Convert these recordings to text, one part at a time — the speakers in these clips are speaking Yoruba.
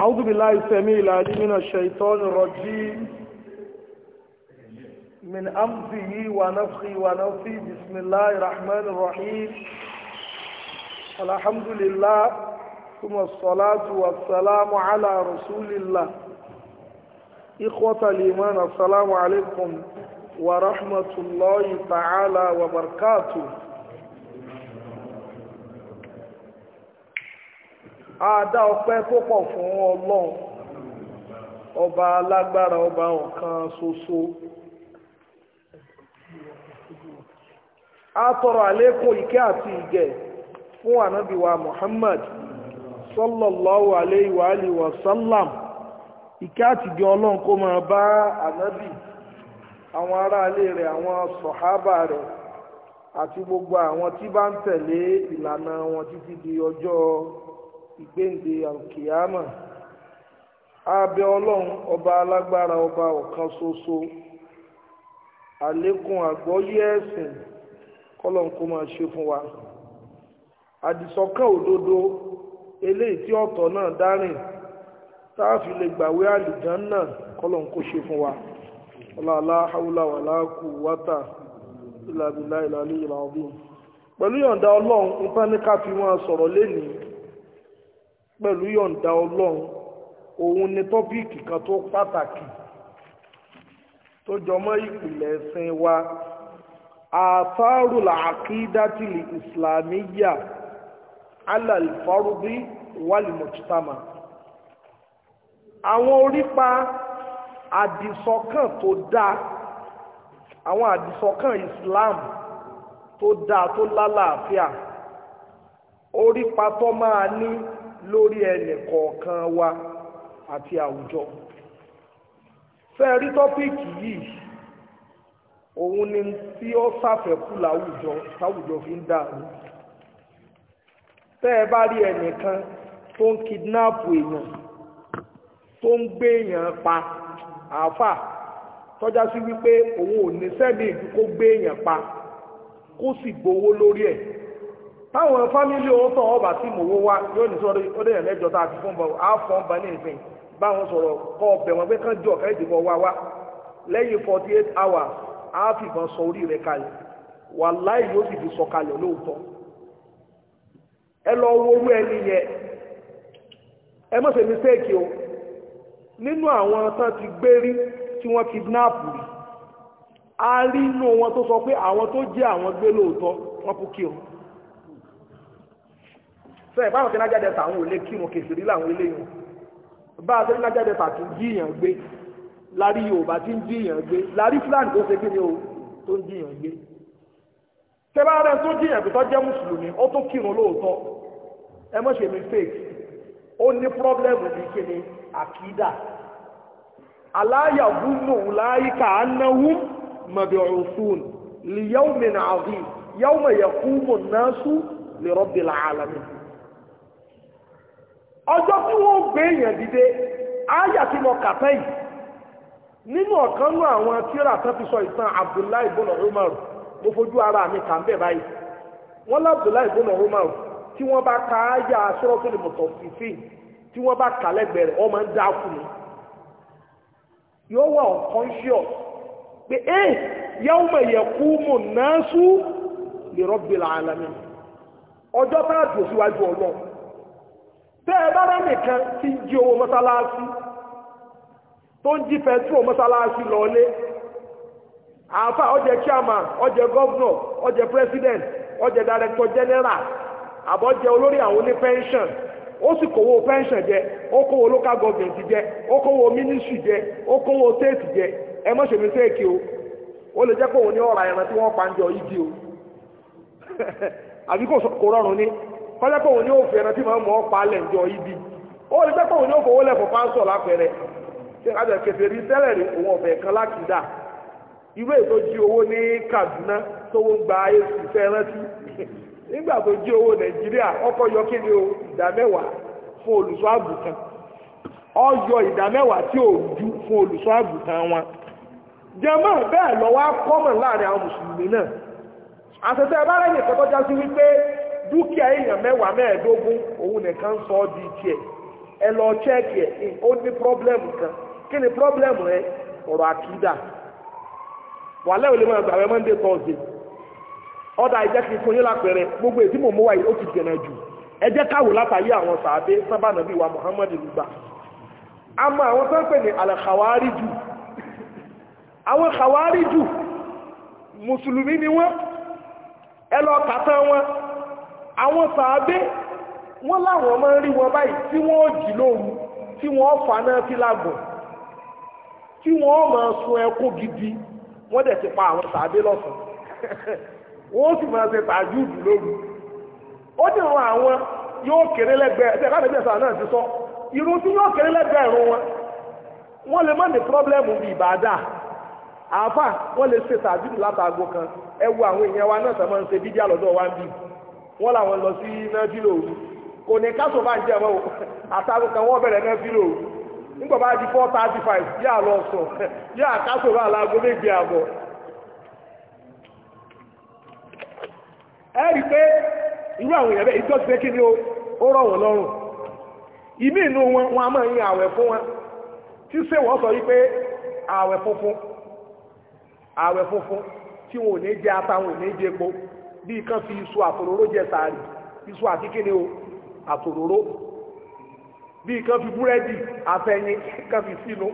أعوذ بالله السميع العليم من الشيطان الرجيم من أمزه ونفخه ونفخه بسم الله الرحمن الرحيم الحمد لله ثم الصلاة والسلام على رسول الله إخوة الإيمان السلام عليكم ورحمة الله تعالى وبركاته àádá ọpẹ́ tó pọ̀ fún ọlọ́run ọba alágbára ọba ọ̀kan ṣoṣo a tọrọ àlékún ìkẹ́ àti ìgẹ̀ fún ànábìwa Muhammad sallallahu alayhi wa alihi wa sallam ìkẹ́ àti ìgẹ̀ ọlọ́run kó máa bá ànábì àwọn aráalé rẹ̀ àwọn sọ̀hábà rẹ̀ àti gbogbo àwọn tí bá ń tẹ̀lé ìlànà wọn títí di ọjọ́ ìgbéǹde alkiyama abẹ ọlọ́run ọba alágbára ọba ọ̀kan ṣoṣo àlékún àgbọ́yé ẹ̀sìn kọ́lọ́n kó máa ṣe fún wa àdìsọ́kàn òdodo eléyìí tí ọ̀tọ̀ náà dárìn táàfin lè gbàwé àlìján náà kọ́lọ́n kó ṣe fún wa ọláàlá haúlá wà láàkú wátà ìlàbílà ìlàlẹ́ ìlà ọ̀bí pẹ̀lú yọ̀ǹda nípa ní ká fi wọn sọ̀rọ̀ lénìí pẹ̀lú yọ̀ǹda ọlọ́run òun ni tọ́píìkì kan tó pàtàkì tó jọmọ́ ìpìlẹ̀ ẹ̀sìn wa àtàrù làákídátìlì ìsìlámíyà alàlìfárúbí wàlìmọ̀títàmà àwọn orípa àdìsọ́kàn tó dáa àwọn àdìsọ́kàn Islam tó dáa tó lálàáfíà orípa tó máa ní lórí ẹnì kọ̀ọ̀kan wa àti àwùjọ fẹ́ rí tọ́píìkì yìí òun ni tí ó ṣàfẹ́kù láwùjọ táwùjọ fi ń dàrú tẹ́ ẹ bá rí ẹnìkan tó ń kidinapu èèyàn tó ń gbé èèyàn pa àáfà tọ́já sí wípé òun ò ní sẹ́mi kó gbé èèyàn pa kó sì gbowó lórí ẹ̀ táwọn fámílì òun tàn ọba tí mò wó wá yóò ní sọ ó a ti fún bọ àfọ ń bá ní ìsìn báwọn sọ̀rọ̀ kọ ọbẹ wọn pé kán jọ ká ìdìbò hours á fìbọn sọ kalẹ̀ yóò sì fi sọ kalẹ̀ lóòótọ́ ẹ lọ wo owó ẹni ẹ má o nínú àwọn tán ti tí wọ́n a rí inú wọn tó sọ pé àwọn tó jẹ́ sọ ẹ̀ báwọn kẹ́nà jáde tàwọn ò lè kírun kèsìrí làwọn eléyìí bá a sẹ́yìn lájáde tàtí jíyàn gbé lárí yorùbá tí ń jíyàn gbé lárí fúlàní tó ṣe kí ni o tó ń jíyàn gbé tẹ́lá rẹ̀ tó jíyàn gbé tó jẹ́ mùsùlùmí ó tó kírun lóòótọ́ ẹ mọ̀ ṣe mi fake ó ní pọ́blẹ́mù ní kí ni àkídà aláyà gúnnù láyíká anáwó mọ̀bẹ̀ọ̀sùn lìyàwó mìíràn àbí yàwó mẹ̀yẹ̀kú mọ̀ náà sùn lè rọ́bìlà àlàmì ọjọ́ tí wọ́n gbé èèyàn dìde áyà tí mo kà tẹ́yìn nínú ọ̀kan nú àwọn tíra tó ti sọ ìtàn Abdullahi bọ́nà Umar mo fojú ara mi kà ń bẹ̀ báyìí wọ́n lọ Abdullahi bọ́nà Umar tí wọ́n bá ka áyà sọ́rọ́tò lè mọ̀tọ̀ fífín tí wọ́n bá kà lẹ́gbẹ̀ẹ́ rẹ̀ wọ́n máa ń dá kù ní yóò wà unconscious pé ẹ́ yàwó mọ̀ yẹ kú mọ̀ náà sú lè Rabbil alamin ọjọ́ bá dùn síwájú Ọlọ́run tẹ́ ẹ nìkan tí ń jí owó mọ́sálásí tó ń jí pẹ̀tró mọ́sálásí lọ́lé àáfà ọjẹ́ chairman ọjẹ́ governor ọjẹ́ president ọjẹ́ director general àbọ̀jẹ́ olórí àwọn oní pension ó sì kówó pension jẹ ó kówó local government jẹ ó ministry jẹ ó state jẹ ẹ mọ̀ ṣèmi sẹ́ẹ̀kì o ó lè jẹ́ pé òun ní ọ̀rọ̀ àyànnà tí wọ́n pa ń jọ o àbí kò rọrùn ni. kọ́lẹ́pọ̀ ni yóò fẹ́ràn tí màá mọ̀ ọ́ pa alẹ̀ ibi ó lè pẹ́pọ̀ òun yóò fowó lẹ́fọ̀ fáńsọ̀ lápẹ̀rẹ̀ ṣe ká jẹ́ kẹfẹ́ rí tẹ́lẹ̀ rí òun ọ̀fẹ́ kan lákìdá irú ètò jí owó ní Kaduna tówó gba èsì fẹ́rántí nígbà tó jí owó Nàìjíríà ọkọ̀ yọ o fún àgùntàn ọ yọ ìdá mẹ́wàá tí ò ju fún àgùntàn wọn láàrin àwọn mùsùlùmí náà bá nìkan tó já dúkìá èèyàn mẹ́wàá mẹ́ẹ̀ẹ́dógún òun nìkan sọ ọ́ di tiẹ̀ ẹ lọ chẹ́ẹ̀kì ẹ̀ ó ní pọ́blẹ́mù kan kí ni pọ́blẹ́mù rẹ ọ̀rọ̀ àkídà wàhálà òlè máa gbàwé monday thursday ọ̀dà ìjẹ́ kí n fún yín lápẹ̀rẹ̀ gbogbo èdè mò ń mú wáyé ó ti dènà jù ẹ jẹ́ káwò látàyé àwọn sàábé sábà nàbí wa muhammadu lùgbà àmọ́ àwọn tó ń pè ní alàkàwárí jù àwọn kàwárí jù mùsùlùmí ni wọ́n ẹ lọ kàtà wọn àwọn sàábé wọ́n láwọn máa ń rí wọn báyìí tí wọ́n ó jí lóru tí wọ́n fà náà sí lágùn tí wọ́n máa sun ẹkún gidi wọ́n dẹ̀ ti pa àwọn sàábé lọ́sàn wọ́n sì máa ṣe tàjúùdù lóru ó dì wọn àwọn yóò kéré lẹ́gbẹ̀ẹ́ ẹ̀sẹ̀ káàdé bẹ́ẹ̀ sàn náà ti sọ irun tí yóò kéré lẹ́gbẹ̀ẹ́ ìrun wọn wọ́n lè má ní pírọ́blẹ́mù bíi ìbàdà àáfà wọ́n lè ṣe tàjúùdù látàgò kan ẹ wo àwọn èèyàn wa náà sọ máa ń ṣe bídíà lọ́dọ̀ wa ń bíi wọ́n làwọn lọ sí náfìlò òru kò ní káṣọ bá ń jẹ́ ọmọ àtàrò kan wọ́n bẹ̀rẹ̀ náfìlò òru nígbà bá di four thirty five yà lọ sọ yà káṣọ bá láago méje àbọ̀. ẹ rí i pé irú àwọn èèyàn bẹ́ẹ̀ ìjọ́sí pé kí ni ó rọ̀ wọ́n lọ́rùn ìmí inú wọn wọn a máa yin àwẹ̀ fún wọn tí sèwọ́n sọ yí àwẹ̀ funfun àwẹ̀ funfun tí wọn ò ní jẹ ata ò ní jẹ epo bí kan fi iṣu àtòróró jẹ sàárì iṣu àti kíni o àtòróró bí kan fi búrẹ́dì àfẹ̀yìn kan fi sínú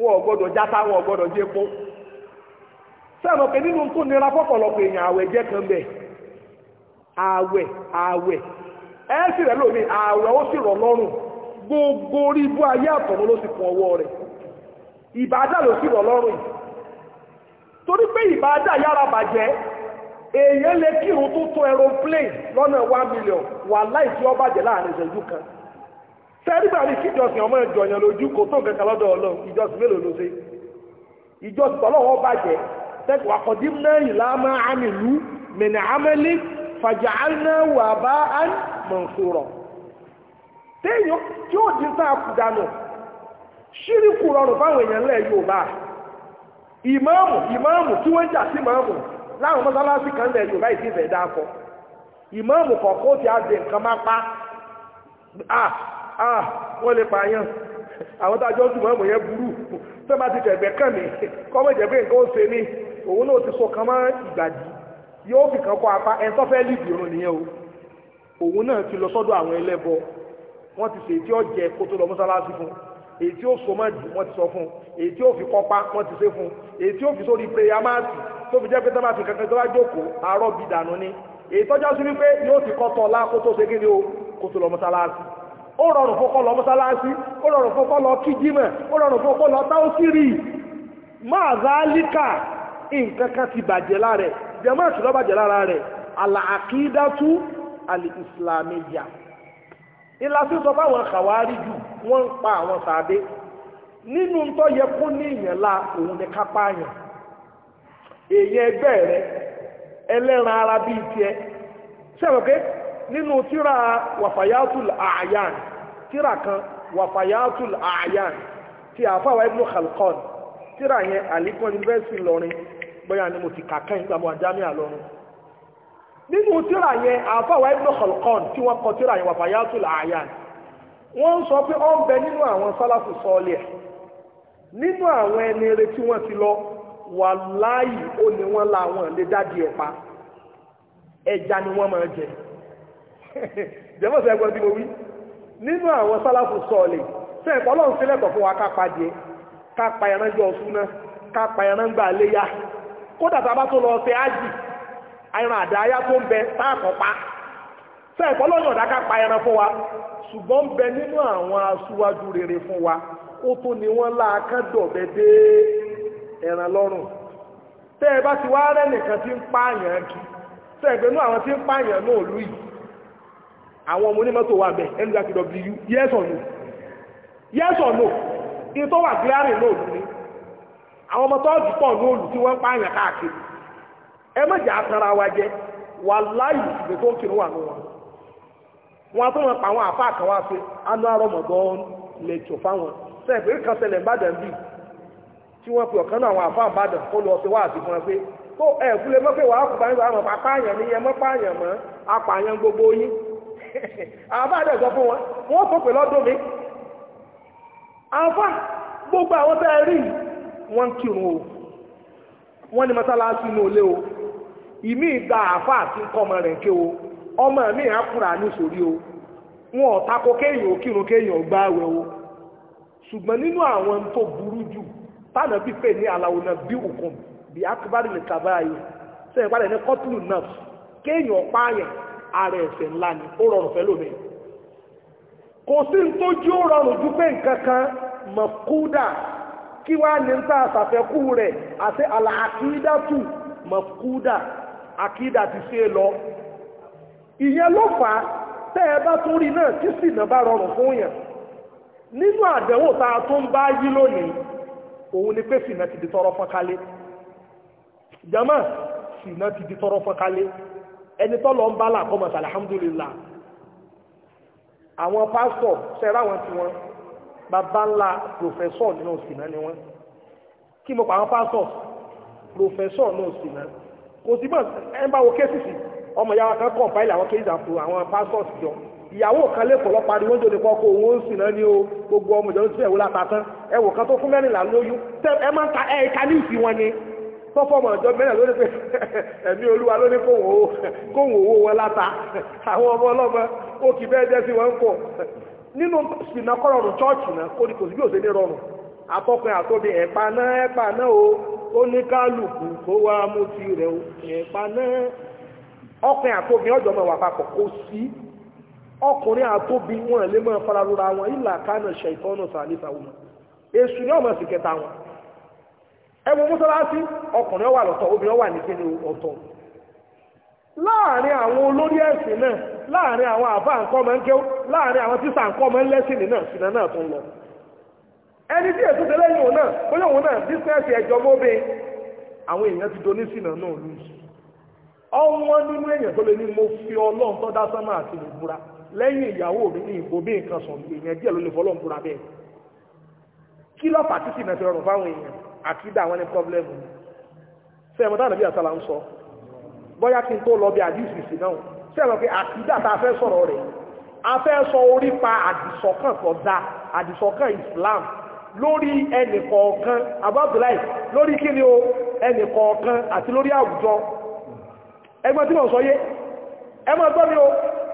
wọn ò gbọdọ̀ játa wọn ò gbọdọ̀ jẹ epo sẹ́nu pé nínú tó nira fọ́pọ̀lọpọ̀ èèyàn àwẹ̀ jẹ́ kan bẹ̀ àwẹ̀ àwẹ̀ ẹ sì rẹ̀ lómi àwẹ̀ ó sì rọ̀ lọ́rùn gbogbo orí ibú ayé àtọ̀run ló sì kún ọwọ́ rẹ̀ ìbádà ló sì rọ̀ lọ́rùn torí pé ìbádà yára bàjẹ́ èèyàn lè kí tó tó aeroplane lọ́nà one wà láì tí ó láàrin ìṣẹ́jú kan tẹ́rígbà ní ìjọsìn ọmọ ìjọ yẹn lójú kò tó nǹkan lọ́dọ̀ ìjọsìn mélòó ló ṣe ìjọsìn àkọ́dí mẹ́rin tí ó di sáà dànù ṣírí kù rọrùn fáwọn èèyàn Yorùbá láwọn mọ́sálásí kan lẹ̀ yorùbá ìdí ìfẹ́ dá kọ ìmáàmù kọ̀ọ̀kọ́ ti á dé nǹkan máa pa ah ah wọ́n lè pààyàn àwọn tá a jọ ń dùnmọ́ ọ̀mọ̀ yẹn burú tó bá ti fẹ̀gbẹ́ kàn mí kọ́mọ̀ ìjẹ̀bẹ́ nǹkan ó ṣe ní òun náà ti so kan mọ́ ìgbàdí yóò fi kan kọ́ apá ẹ̀ tó fẹ́ lìdì irun nìyẹn o òun náà ti lọ sọ́dọ̀ àwọn ẹlẹ́bọ wọ́n ti ṣe èyí tí ó jẹ kó tó lọ mọ́sálásí fún èyí tí ó so mọ́ dì tó fi jẹ́ pé tọ́ba fi kankan tó bá jókòó àárọ̀ bí dànù ni èyí tọ́jọ́ sí wípé yóò ti kọ́ tọ́lá kó tó ṣe kí ni o kó tó lọ mọ́sálásí ó rọrùn fún kọ́ lọ mọ́sálásí ó rọrùn fún kọ́ lọ kíjímẹ̀ ó rọrùn fún kọ́ lọ máa záálíkà nǹkan kan ti bàjẹ́ lára rẹ̀ jẹ́mọ́ bàjẹ́ lára rẹ̀ àlàákídátú alìsìlámíyà ìlàsí sọ fáwọn kàwárí jù wọ́n ń pa àwọn sàdé nínú tó yẹ kó ní ìyẹn la òun ni kápá yẹn èèyàn ẹgbẹ́ rẹ ẹlẹ́ran ara bíi tiẹ̀ sẹ́wọ̀n nínú tíra wàfàyàtul àyàn tíra kan wàfàyàtul àyàn ti àfàwà ibnu khalqon tíra yẹn àlékún yunifásitì lọrin bóyá ni mo ti kà kẹ́yìn gbàmọ́ àjámí àlọ́run nínú tíra yẹn àfàwà ibnu tí wọ́n kọ tíra yẹn wàfàyàtul àyàn wọ́n ń sọ pé bẹ nínú àwọn sálàfù nínú àwọn ẹni eré wọ́n ti lọ wàláì ó ní wọ́n la àwọn lè dájú ẹ̀ pa ẹja ni wọ́n máa jẹ jẹ́fọ́ sọ ẹgbẹ́ tí mo wí nínú àwọn sálàfù sọ̀ọ̀lì ṣe ẹ̀kọ́ ọlọ́run sílẹ̀ kọ̀ fún wa ká pa díẹ̀ ká pa ẹran jọ ọ̀sùn náà ká pa ẹran gbà léyà kódà tá a bá tó lọ ṣe ájì ẹran àdáyá tó ń bẹ táàkọ̀ pa ṣe ẹ̀kọ́ ọlọ́run ọ̀dá ká pa ẹran fún wa ṣùgbọ́n bẹ nínú àwọn aṣíwájú rere fún wa ó tó ni wọ́n láàkán dọ̀bẹ dé ẹ̀ràn lọ́rùn tẹ́ ẹ bá ti wá rẹ́ nìkan tí ń pààyàn kí tẹ́ àwọn tí ń pààyàn náà lù yìí àwọn ọmọ onímọ́tò wà bẹ̀ nww yes or no yes or no ìtọ́ wà gíláàrì náà lù ní àwọn ọmọ tọ́ọ̀dù pọ̀ ní olù tí wọ́n ń pààyàn káàkiri ẹ atara wà tó ń kiri wà wọn tó àwọn àfáà kan wá sí anú lè fáwọn kan tí wọ́n pe ọ̀kan náà àwọn àfa àbàdàn kó lọ sí wáàsí fún wọn pé tó ẹ̀ kúlẹ̀ mọ́ pé wàá kú bá ń sọ àwọn apáyàn ní ẹ mọ́ páyàn mọ́ apààyàn gbogbo yín àbàdàn sọ fún wọn wọ́n tó pè lọ́dún mi àfa gbogbo àwọn tẹ́ ẹ rí wọ́n kírun o wọ́n ní mọ́sálásí inú ilé o ìmí ìgbà àfa àti nǹkan ọmọ rẹ̀ ké o ọmọ mi àkúrà ní sórí o wọn ò tako kéèyàn kírun kéèyàn gbáwẹ̀ o ṣùgbọ́n nínú àwọn tó burú jù táwọn bí pè ní aláwo náà bí òkun bí akíbárì lè kàbá ayé sẹ́yìn padà ní kọ́tùlù náà kéèyàn pààyàn ààrẹ ẹ̀sẹ̀ ńlá ni ó rọrùn fẹ́ lómi kò sí tójú ó rọrùn ju pé nǹkan kan mọ̀kúdà kí wá ní ń tà àṣàfẹ́kù rẹ̀ àti àlàákídà tù mọ̀kúdà àkídà ti ṣe lọ ìyẹn ló fà á tẹ́ ẹ bá tún rí náà kí sì náà bá rọrùn fún yàn nínú àdánwò tá a tún bá yí lónìí òun ni pé sìnà ti di tọrọ fọ́n kálé jama sìnà ti di tọrọ fọ́n kálé ẹni tọ́lọ̀ ń bá làkọ́ mọ̀ alhamdulillah àwọn pásítọ̀ sẹ́rà wọn ti wọn bàbá ńlá pòfẹ́sọ̀ nínú sìnà ni wọn kí mo pa àwọn pásítọ̀ pòfẹ́sọ̀ nínú sìnà kò sí mọ̀ ẹ ń bá wo kéṣìṣì ọmọ ìyá kan kọ̀ fáìlì àwọn kéṣìṣì àpò àwọn pásítọ̀ jọ ìyàwó kan lẹ́kọ̀ọ́ lọ pariwo ń jòdì kọ́kọ́ òun ó sì náà ní o gbogbo ọmọ ìjọba tí ẹ̀wọ́ láta tán ẹ̀wọ̀ kan tó fún mẹ́rìnlá lóyún ẹ máa ń ta ìka ní wọn ni tọ́fọ́ fọmọ ìjọba mẹ́rìnlá lórí pé ẹ̀mí olúwa ló ní kóhùn owó wọn láta àwọn ọmọ ọlọ́mọ ó kì bẹ́ẹ̀ jẹ́ sí wọn kọ̀ nínú sinakọ́rọ̀rùn chọ́ọ̀chì náà kó ní kò sí bí rọrùn o kó o ọkùnrin àtóbi wọn lè máa fara lóra wọn ìlà kánà ṣètọ́nù sàlẹ́sà wọn èṣù ni ọmọ sì kẹta wọn ẹwọ mọ́sálásí ọkùnrin wà lọtọ obìnrin wà ní ọtọ láàrin àwọn olórí ẹ̀sìn náà láàrin àwọn àbá nǹkan ọmọ láàrin àwọn tíṣà nǹkan ọmọ náà sínú náà tó ń lọ ẹni tí èso yìí náà náà bísíǹsì àwọn èèyàn ti sínú náà nínú èèyàn tó lè ní mo fi tó dá sánmà àti lẹ́yìn ìyàwó mi ní ìbò bí nǹkan sùn èèyàn díẹ̀ ló lè fọlọ́ ń búra bẹ́ẹ̀ kí lọ́ fà títì mẹ́fẹ́ rọrùn fáwọn èèyàn àti dá àwọn ní pọ́blẹ́mù sẹ́yìn táwọn àbí àtàlà ń sọ bóyá kí n tó lọ bí àdìsí sí náà sẹ́yìn pé àkídà tá a fẹ́ sọ̀rọ̀ rẹ̀ a fẹ́ sọ orí pa àdìsọ́kàn tó dá àdìsọ́kàn Islam lórí ẹnì kọ̀ọ̀kan abábùláì lórí kí ni o ẹnì kọ̀ọ̀kan àti lórí àwùjọ ẹgbẹ́ tí mo sọ yé ẹgbẹ́ gbọ́ mi o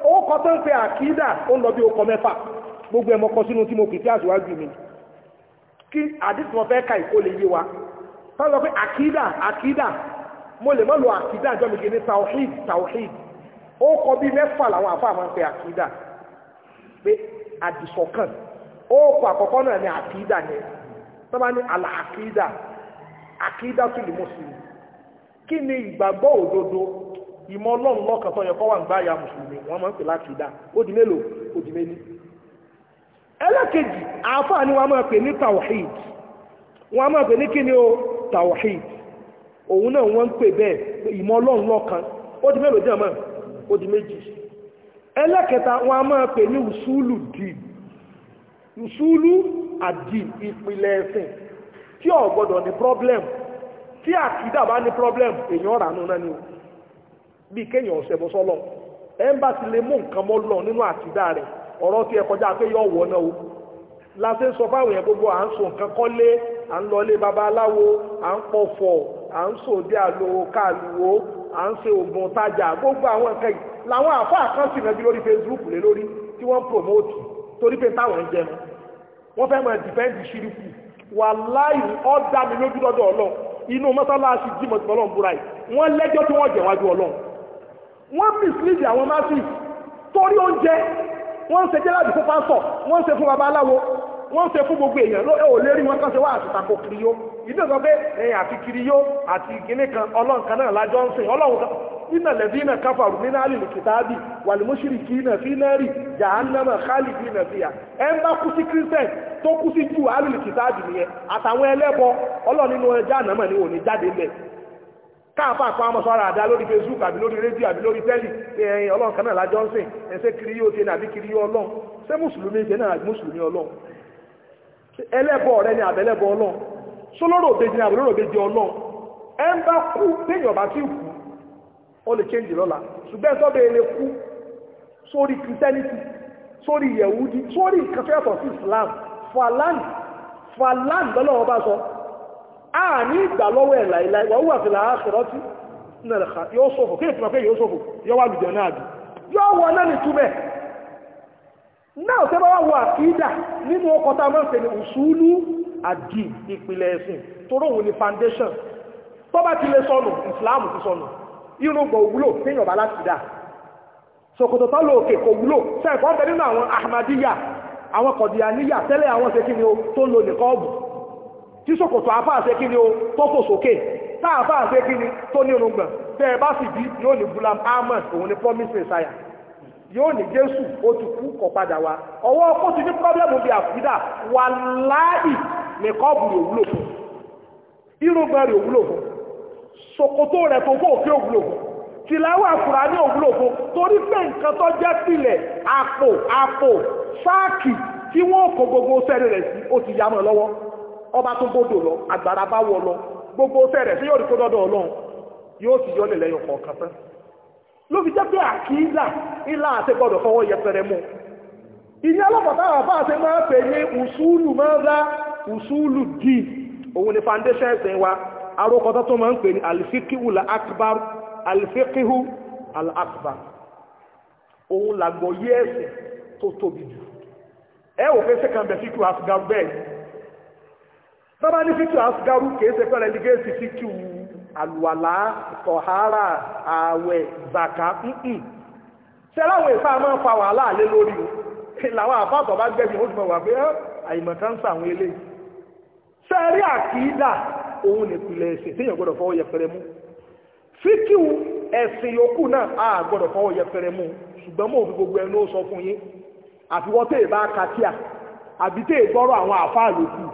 ó kọ́ tó ń pe àkídà ó lọ bí ó kọ mẹ́fà gbogbo ẹ̀mọ́ kọ sínú tí mo pè sí àṣíwájú mi kí àdísì wọn fẹ́ ka ìkó lè yé wa tó lọ pé àkídà àkídà mo lè mọ́ lo àkídà ìjọ mi ní tawhid tawhid ó kọ bí mẹ́fà làwọn àfáà máa ń pe àkídà pé àdìsọ̀kàn ó kọ àkọ́kọ́ náà ní àkídà yẹn tó bá ní àlà àkídà àkídà tó lè mọ̀ sí kí ni ìgbàgbọ́ òdodo ìmọ̀ ọlọ́run lọ́kàn tó yẹ kó wà ń gbá ya mùsùlùmí wọ́n máa ń pè láti dá ó di mélòó ó di mélòó ẹlẹ́kejì àáfàá ni wọ́n máa pè ní tawhid wọ́n máa pè ní kí ni o tawhid òun náà wọ́n ń pè bẹ́ẹ̀ ìmọ̀ ọlọ́run lọ́kàn ó di mélòó jẹ́ mọ́ ó di méjì ẹlẹ́kẹta wọ́n máa pè ní usulu di usulu àdì ìpìlẹ̀ ẹ̀sìn tí ò gbọ́dọ̀ ní problem tí àkídà bá ní problem èèyàn rànú náà ni o bíi kéèyàn ọ̀sẹ̀ bọ́ sọ́lọ̀ ẹ́mbàsì lè mú nǹkan mọ́ lọ nínú àtìdá rẹ̀ ọ̀rọ̀ tí ẹ kọjá pé yọ wọ̀ náà o láti sọ fáwọn èèyàn gbogbo à ń so nǹkan kọ́lé à ń lọlé babaláwo à ń pọ̀fọ̀ à ń sòdí àlòwò káàlùwò à ń ṣe oògùn tajà gbogbo àwọn nǹkan yìí làwọn àfọ àkáǹtì náà bí lórí Facebook lé lórí tí wọ́n ń promote torí pé táwọn ń jẹun wọ́n fẹ́ máa defend ṣíríkù wà láì ọ́ dá mi lójú lọ́dọ̀ ọlọ́run inú mọ́sálásí jímọ̀ tí ọlọ́run búra yìí wọ́n lẹ́jọ́ tí wọ́n jẹ̀wájú ọlọ́run wọ́n mislead àwọn masses torí oúnjẹ wọ́n ń ṣe jẹ́láàbì fún pásọ̀ wọ́n ń ṣe fún babaláwo wọ́n ń ṣe fún gbogbo èèyàn ló ò lérí wọn kàn ṣe wá àtìtàkò kiri yó ìdí sọ pé ẹ̀yìn àti kiri yó àti ìgbélé kan ọlọ́run kan náà lájọ́ ń sìn ọlọ́run kan iná lẹ́bí iná káfàrú nínú àlìlù kìtàbì wàlúmọ́sírì kì í nà fi náà rì jàánàmà kálí bí nà fi yà ẹ ń bá kú sí kírísítẹ̀n tó kú sí jù àlìlù kìtàbì nìyẹn àtàwọn ẹlẹ́bọ ọlọ́run nínú ẹja ànámà ni òní jáde lẹ̀ káàpá àpá amọ̀sọ́ra àdá lórí facebook àbí lórí rédíò àbí lórí tẹ́lì ẹ̀yìn ọlọ́run kan náà johnson ẹ̀sẹ̀ kiri yóò ṣe ní àbí kiri yóò ṣé mùsùlùmí ṣe náà mùsùlùmí ọlọ́run ẹlẹ́bọ rẹ ni àbẹ́lẹ́bọ òbejì ni àbẹ́lóró òbejì ọlọ́run ẹ ń bá kú ti kú ọ lè lọ́la ṣùgbọ́n a ní ìgbà lọ́wọ́ ẹ̀ láìláì wà wà fìlà àṣírọ́tí yóò sọ́fò kí ìfìmọ̀ pé yóò sọ́fò yóò wà lùjẹ̀ náà bí yóò wọ náà ní túbẹ̀ náà tẹ́ bá wà wọ àkídà nínú ọkọ̀ tá a foundation tó bá ti lè sọnù ìsìláàmù ti sọnù irúgbọ̀ òwúlò téèyàn bá láti dà sòkòtò tó lò òkè kò wúlò sẹ́ẹ̀kọ́ bẹ nínú àwọn ahmadiyya àwọn kọ̀díyaníyà tẹ́lẹ̀ ni ó tí sòkòtò àfáàṣẹ́ kí ni ó tọ́fò sókè táàfáàṣẹ́ kí ni tó ní orungbọ̀n bẹ́ẹ̀ bá sì bí yóò ní gulam ahmed òun ni promise messiah yóò ní jésù ó ti kú kọ̀ padà wá ọwọ́ kó ti ní pọ́blẹ́mù bí àfídà wà láì nìkọ́ọ̀bù rẹ̀ òwúlò fún irúgbọ̀n rẹ̀ òwúlò fún sòkòtò rẹ̀ tó fún òfin òwúlò fún tìláwà ọba tó gbódò lọ agbára bá wọ lọ gbogbo fẹ́rẹ̀ tí yóò rí kó dọ́dọ̀ ọlọ́run yóò sì yọ́lẹ̀ lẹ́yọ kọ̀ọ̀kan tán ló fi jẹ́ pé àkílà ńlá àti gbọ́dọ̀ fọwọ́ yẹpẹrẹ mú ìyẹn ọlọ́pàá àbá àti máa pè ní ùsùlù máa rá ùsùlù dì òun ni foundation ẹ̀sìn wa arókọtọ́ tó máa ń pè ní alifikihu la akbar alifikihu la akbar òun làgbọ̀ yí ẹ̀sìn tó tóbi jù ẹ ò fẹ́ sẹ́kàn bẹ̀ fíkù asgar bẹ́ẹ̀ bábá ní fíkì asgaru kìí ṣe pẹ́rẹ́ ligéèsì fíkì àlùwàlá tọ̀hárà ààwẹ̀ zaka nǹkan ṣe láwọn ìfá máa ń fa wàhálà lé lórí o làwọn àfáàtọ̀ bá gbẹ̀mí ó ti mọ̀ wà pé àìmọ̀ kan ń sa àwọn eléyìí ṣe rí àkìídà òun nìpìlẹ̀ ẹ̀sìn téèyàn gbọ́dọ̀ fọwọ́ yẹpẹrẹ mú fíkì ẹ̀sìn yòókù náà a gbọ́dọ̀ fọwọ́ yẹpẹrẹ mú ṣùgbọ́n mò ń fi gbogbo ẹnu sọ fún yín àfiwọ́ tèè bá katíà àbí tèè gbọ́rọ̀ àwọn àfáà yòókù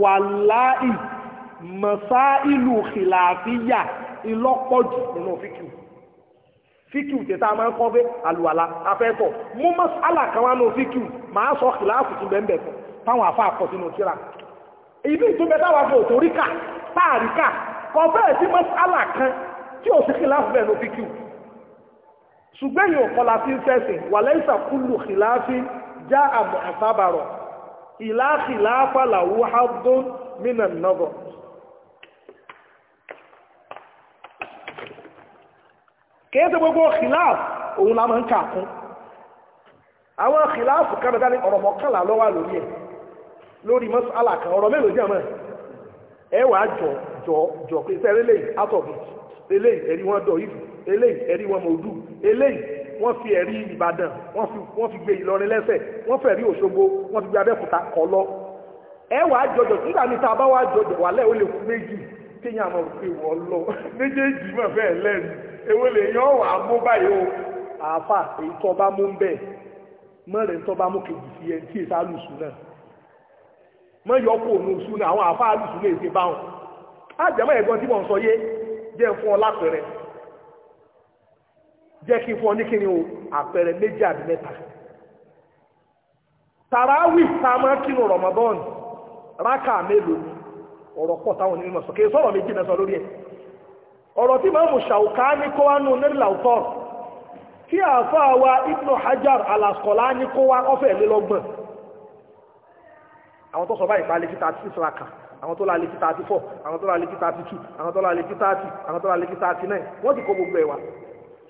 wàláì mọ̀sá ìlú khilafiyya ìlọ́pọ̀jù nínú fíkìú fíkìú tẹ̀tà máa ń kọ́ pé àlùwàlà afẹ́tọ̀ mú mọ́sálà kan wá nù fíkìú máa sọ kìláàfù tún bẹ́ẹ̀ bẹ́ẹ̀ táwọn afá àkọ́ sínú tíra ibi ìtúbẹ̀ táwọn afọ òtórí kà táàrí kà kọ bẹ́ẹ̀ sí mọ́sálà kan tí ò sí kìláàfù bẹ́ẹ̀ nù fíkìú ṣùgbẹ́yìn ọ̀kọ́lá sí fẹ́sìn wàlẹ́sà kúlù kìláàfì já àmọ̀ àfábàrọ̀ ìlàkìlà pàlàwù hádùn mínà nọ́bọ̀. kìí ṣe gbogbo khilaf òun la máa ń kàkún àwọn khilaf kánadá ní ọ̀rọ̀ mọ́kànlá lọ́wọ́ lórí ẹ̀ lórí mọ́sálà kan ọ̀rọ̀ mélòó jẹ́ mọ́ ẹ̀ wà á jọ jọ jọ pé sẹ́rẹ́lẹ́yìn out of it eléyìí ẹ̀rí wọn dọ̀ ìfù eléyìí ẹ̀rí wọn mọ̀ ojú eléyìí wọ́n fi ẹ̀rí ìbàdàn wọ́n fi wọ́n fi gbé ìlọrin lẹ́sẹ̀ wọ́n fi ẹ̀rí òṣogbo wọ́n fi gbé abẹ́kúta kọ́ lọ. ẹ wà á jọjọ nígbà mi tá a bá wà á jọjọ wà lẹ́ẹ̀ ó lè kú méjì kéèyàn àmọ́ pé wọ́n lọ méjèèjì mọ̀ fẹ́ẹ̀ lẹ́nu èwo lè yan wà á mú báyìí o àáfà èyí tó bá mú bẹ́ẹ̀ mọ́rin tó bá mú kejì sí ẹ tí èsà lùsùn náà mọ́ yọ kó òun sùn náà àwọn àáfà lùsùn náà èsè báwọn á jẹ́mọ́ ẹ̀gbọ́n tí mò ń sọ jẹ́ kí n fún ọ ní kíni o àpẹẹrẹ méjì àbí mẹ́ta tàràwì sáàmà kínú Ramadan rákà mélòó ni ọ̀rọ̀ pọ̀ táwọn onímọ̀ sọ kí sọ̀rọ̀ méjì náà sọ lórí ẹ̀ ọ̀rọ̀ tí máa mú ṣàwùká ní kó wá nù nílà ọ̀tọ̀ kí àáfàá wa Ibn Hajar alaskọ̀lá ní kó wá ọ̀fẹ́ lélọ́gbọ̀n àwọn tó sọ báyìí pa lẹ́kítà àti six rákà àwọn tó la lẹ́kítà àti four àwọn tó la lẹ́kítà àti two àwọn tó la lẹ́kítà àti àwọn tó la lẹ́kítà àti nine wọ́n ti kó gbogbo ẹ̀ wá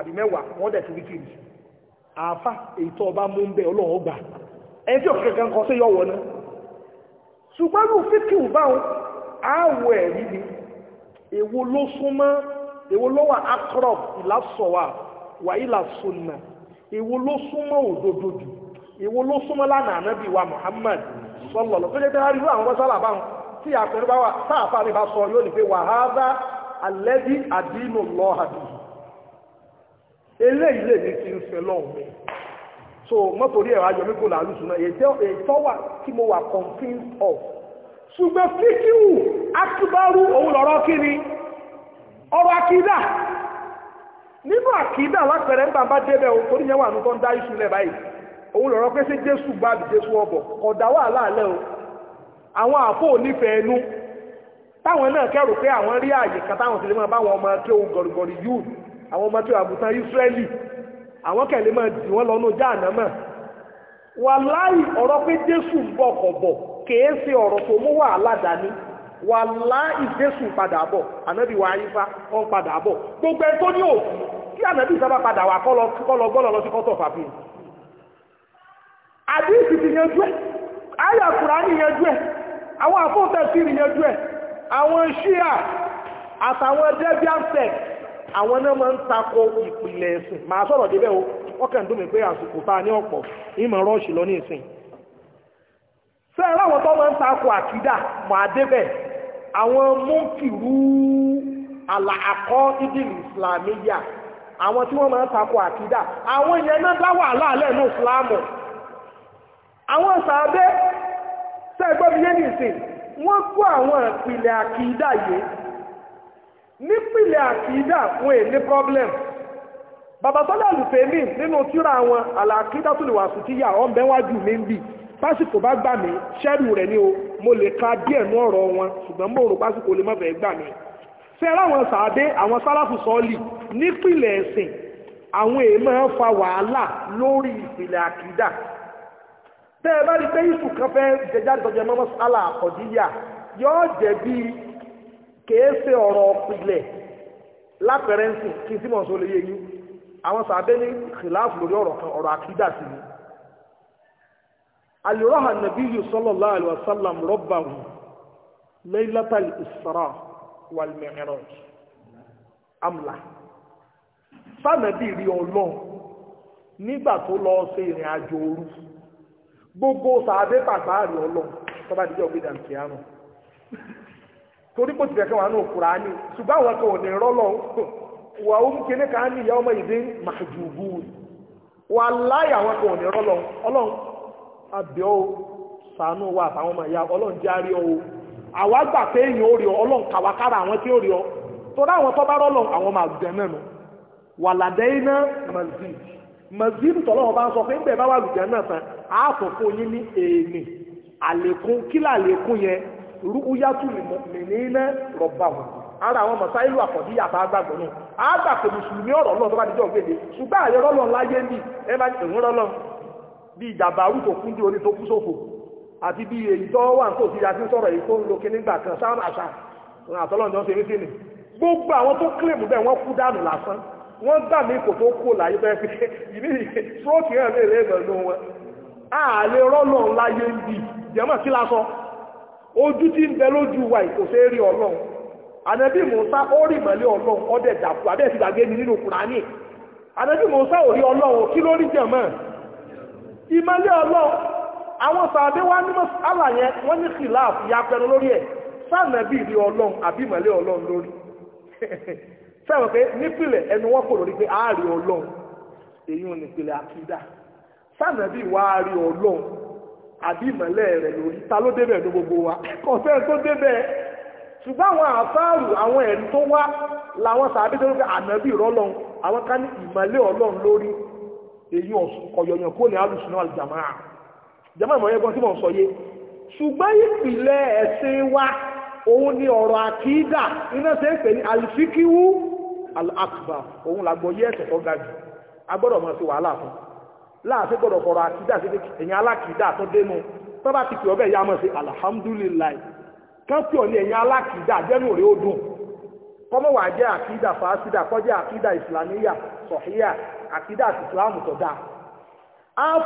àbí mẹ́wàá wọ́n dẹ̀ ti wíkìrì àáfà èyí tó ọba mú ń bẹ ọlọ́run ọgbà ẹni tí òkè kankan kọ sí yọ̀wọ̀ náà ṣùgbọ́n ní fíkìrì báwọn àwọ̀ ẹ̀rí ni èwo ló súnmọ́ èwo ló wà akọrọ̀ ìlàsọ̀wà wà ìlàsọ̀nà èwo ló súnmọ́ òdodo èwo ló súnmọ́ lánàá ànábì wa Muhammad sọlọlọ tó jẹ́ pé wọ́n rí àwọn bọ́sálà báwọn tí àpẹẹrẹ bá wà sáàfà mi bá sọ yóò ele lè dị ti ń fẹ́ lọ́wọ́ mi so mọ́tòrí ẹ̀rọ ayọ̀ mi kò làálù sùn náà ètò wà Ṣugbe mo wà convinced of ṣùgbọ́n fíkíwù akíbárú òun lọ́rọ́ kí ni ọ̀rọ̀ nínú àkídà lápẹẹrẹ ń bàbá débẹ̀ òun torí yẹn wà ní tó ń dá iṣu lẹ̀ báyìí òun lọ́rọ́ pé ṣé jésù jésù ọbọ̀ o àwọn ẹnu táwọn bá wọn ọmọ kí àwọn ọmọ tí àgùntàn Ísírẹ́lì àwọn kẹ̀lé máa dì wọ́n lọ́nà jáànámà wàláì ọ̀rọ̀ pé Jésù ń bọ̀ kọ̀ bọ̀ kèé ṣe ọ̀rọ̀ tó mú wàhálà dání wàláì Jésù padà bọ̀ ànábì wa ayífá wọn padà bọ̀ gbogbo ẹ tó ní òkú kí ànábì sábà padà wà kọ́ lọ gbọ́dọ̀ lọ sí kọ́tọ̀ fàbí àdìsí ti yanjú ẹ àyà Kùránì yanjú ẹ àwọn àfọ́tẹ̀sí yanjú ẹ àwọn ṣíà àtàwọn debian sect àwọn náà máa ń takò ìpìlẹ̀ ẹ̀sìn màá sọ̀rọ̀ débẹ̀ o wọ́n kàn dùn mí pé àsìkò tá a ní ọ̀pọ̀ ìmọ̀ rọ́ọ̀ṣì lọ ní ìsìn ṣé ẹ láwọn tó máa ń takò àkídà màá débẹ̀ àwọn mọ́kìrú àlàkọ́ ìdìlì ìsìlámíyà àwọn tí wọ́n máa ń takò àkídà àwọn ìyẹn náà dá wàhálà lẹ́nu ìsìlámù àwọn sàábé ṣé ẹgbẹ́ mi yé nìsín wọ́n kó àwọn ìpìlẹ̀ àkídà yìí nípìnlẹ̀ àkìdá wọn è ní problem bàbá tọ́lá àlùfẹ́mí nínú tíra wọn àlàkídá tó lè wà sùn tíyà ọ̀bẹ wájú mi ń bì pásìkò bá gbà mí ṣẹ́rù rẹ̀ ni o mo lè ka díẹ̀ nú ọ̀rọ̀ wọn ṣùgbọ́n mo rò pásìkò lè má fẹ́ gbà mí fẹ́rẹ́ àwọn sàádé àwọn sáláfù sọ́ọ̀lì nípìnlẹ̀ ẹ̀sìn àwọn èèmọ̀ ń fa wàhálà lórí ìpìlẹ̀ àkìdá tẹ́ ẹ bá rí pé ìsù kan fẹ́ jẹjáde tọ́jú ẹ mọ́ mọ́sálà àkọ́díyà yóò jẹ́ bíi kèé ṣe ọ̀rọ̀ ọ̀pìlẹ̀ lápẹ̀rẹ́ǹsì kí tí mọ̀ sọ lè yé yín àwọn sàbẹ́ ní kìláàfù lórí ọ̀rọ̀ kan ọ̀rọ̀ àkídà sí ni alìrọ́hà nàbí yìí sallallahu alaihi wasallam rabbahu laylatal isra wal mi'raj amla sànàbí rí ọlọ́run nígbà tó lọ ṣe ìrìn àjò òru gbogbo sàbẹ́ bàbá rí ọlọ́run tọ́ba díjọ́ gbé dàǹkì torí bó tilẹ̀ kí wọn náà kura ni ṣùgbọ́n àwọn kan ò ní rọ́lọ́ wà ó ní ìyá ọmọ ìdí wà láyà àwọn kan ò ní rọ́lọ́ ọlọ́run sànú wa àtàwọn ọmọ ìyá ọlọ́run jẹ́ àárẹ̀ ọ́ àwa gbà pé èèyàn ó rí ọ ọlọ́run kàwá kára àwọn tí ó rí ọ torí àwọn tó bá rọ́lọ́ àwọn máa gbẹ náà wà ládẹ́ iná mazid mazid tọ́lọ́wọ́ bá ń sọ pé ń bẹ̀ bá wà lùjẹ́ náà tán rúkúyàtù mìíràn rọ̀bà wọn ara àwọn mọ̀sáìlú àkọ́dí yàtọ̀ agbàgbọ́ náà àgbà kò mùsùlùmí ọ̀rọ̀ lọ́wọ́ tó bá dijọ́ gbèdé ṣùgbọ́n àyè rọ́lọ́ láyé ní ẹ bá ìrún rọ́lọ́ bí ìjàmbá arú tó kún dé orí tó kú sófò àti bí èyí tó wà ní tòsí àti sọ̀rọ̀ èyí tó ń lo kíní gbà kan sáwọn àṣà àtọ́lọ́njọ́ ṣe mítìnì gbogbo àwọn tó kílèmù bẹ́ẹ̀ wọ́n kú dànù lásán wọ́n gbà mí kò tó kó láyé bẹ́ẹ̀ fi ìní sóòkì hàn lè rẹ́ ìgbẹ̀lú wọn ààlè rọ́lọ́ láyé ń bì jẹ́mọ̀ kí lásán ojú tí ń bẹ lójú wa kò ṣe é rí ọlọ́run ànábì Mùsá ó rí ìmọ̀lẹ́ ọlọ́run ọdẹ dàpọ̀ abẹ́ ti gbàgbé ni nínú Kùránì ànábì Mùsá ò rí ọlọ́run kí ló rí jẹ̀mọ́ ìmọ̀lẹ́ ọlọ́run àwọn sàbẹ̀ wa ní mọ́sálà yẹn wọ́n ní kìláàf ya pẹ̀lú lórí ẹ̀ sànàbì rí ọlọ́run àbí ìmọ̀lẹ́ ọlọ́run lórí sẹ́wọ̀n pé nípìnlẹ̀ ẹnu wọn kò lórí pé a rí ọlọ́run èyí ò nípìnlẹ̀ àkídà sànàbì wa rí ọlọ́run àbí ìmọ̀lẹ́ rẹ̀ lórí ta ló débẹ̀ ní gbogbo wa kò fẹ́ tó débẹ̀ ṣùgbọ́n àwọn àfáàrù àwọn ẹ̀rí tó wá làwọn sàbí tó rúkẹ́ ànábì rọ́lọ́n àwọn ká ní ìmọ̀lẹ́ ọlọ́run lórí èyí ọ̀yọ̀yàn kó ní alùsùn náà jàmáà jàmáà ìmọ̀ ẹgbọ́n tí mò ń sọ yé ṣùgbọ́n ìpìlẹ̀ ẹ̀sìn wa òun ni ọ̀rọ̀ àkídà iná ṣe ń pè ní alifikiwu alakba òun làgbọ̀ yẹ́ ẹ̀sẹ̀ tó ga jù agbọ́dọ̀ mọ̀ sí wàhálà fún un láàfin gbọ́dọ̀ fọ̀rọ̀ àkídà sí ẹ̀yìn alákìídà tó dénú tó bá ti pè ọbẹ̀ yá sí alhamdulilayi kan pè ọ ní ẹ̀yìn alákìídà jẹ́nu rẹ̀ ó dùn àkídà fàásídà kọjá àkídà ìsìlámíyà sọ̀híyà àkídà ìsìlámù tó dáa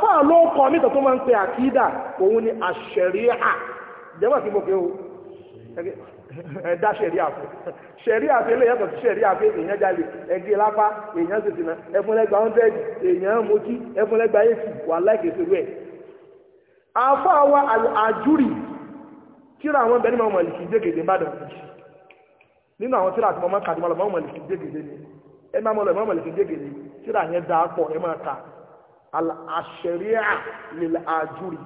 tó máa ẹ̀dá sẹ̀rí àfẹ́ sẹ̀rí àfẹ́ lè yàtọ̀ sí sẹ̀rí àfẹ́ èèyàn jalè ẹ̀gẹ́ lápá èèyàn sì sinà ẹ̀fúnlẹ́gba hundred èèyàn mojí ẹ̀fúnlẹ́gba eighty wà láìké sí wẹ̀. àfọ àwa àjúrì tíra àwọn bẹni máa mọ̀lì kìí dégèdè nìbàdàn nínú àwọn tíra àti mọ̀mọ́ kàdé mọ̀lọ́ mọ̀lì kìí dégèdè ni ẹ máa mọ̀lọ́ mọ̀lì kìí dégèdè tíra yẹn dà á pọ̀ ẹ máa ta àṣẹríà lè àjúrì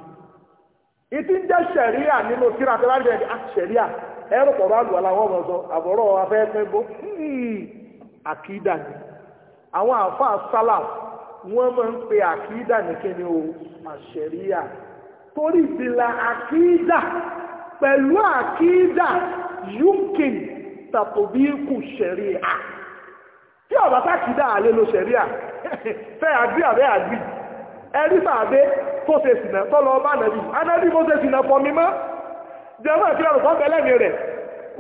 ìtí ń jẹ́ sẹ̀ríà nínú tíra tó bá rí bẹ́ẹ̀ ẹ̀rọ pọ̀rọ̀ àlùwàlà wọ́n mọ̀ sọ àbọ̀rọ̀ afẹ́fẹ́ bó hmm, àkídà ni àwọn àáfàá sálàf wọ́n máa ń pe àkídà ní kíni o àṣẹríà torí ìdìlà àkídà pẹ̀lú àkídà yúkìn tàbí kù ṣẹríà tí ọ̀bá sákìdá àlè lo ṣẹríà fẹ́ àgbé àbẹ́ àgbì ẹ̀rí bàbẹ́ tó ṣe sìnà tọ́lọ ọba nàbí anábì bó ṣe sìnà fọmímọ́ jẹ́mọ́ ìfilẹ̀ rùkọ́ bẹ̀lẹ̀ mi rẹ̀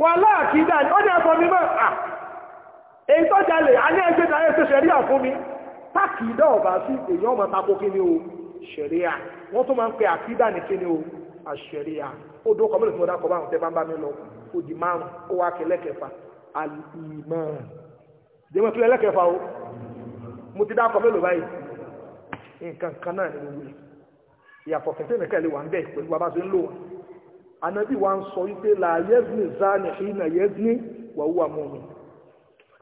wà láàkí dáa ní ọjà ẹ̀fọ́ mi mọ́ à ah! èyí tó jalè alẹ́ ẹgbẹ́ náà ẹ̀ṣẹ́ ṣẹ̀ríà fún mi táàkì ìdá ọ̀bà sí èyàn ọmọ tako kí ni o ṣẹ̀ríà wọ́n tó máa ń pe àkídà ní kí ni o àṣẹ̀ríà ó dó kọ́mọ́lù fún ọdákọ̀ báwọn tẹ́ bá ń bá mi lọ ó di márùn ó wá kẹlẹ́ kẹfà alìmọ̀ ni mo wí ìyàfọ̀ kẹ̀kẹ́ nìkan anabi wa ń sọ wípé la yẹ́sìn zani ìnà yẹ́sìn wàhùwà mọ́mi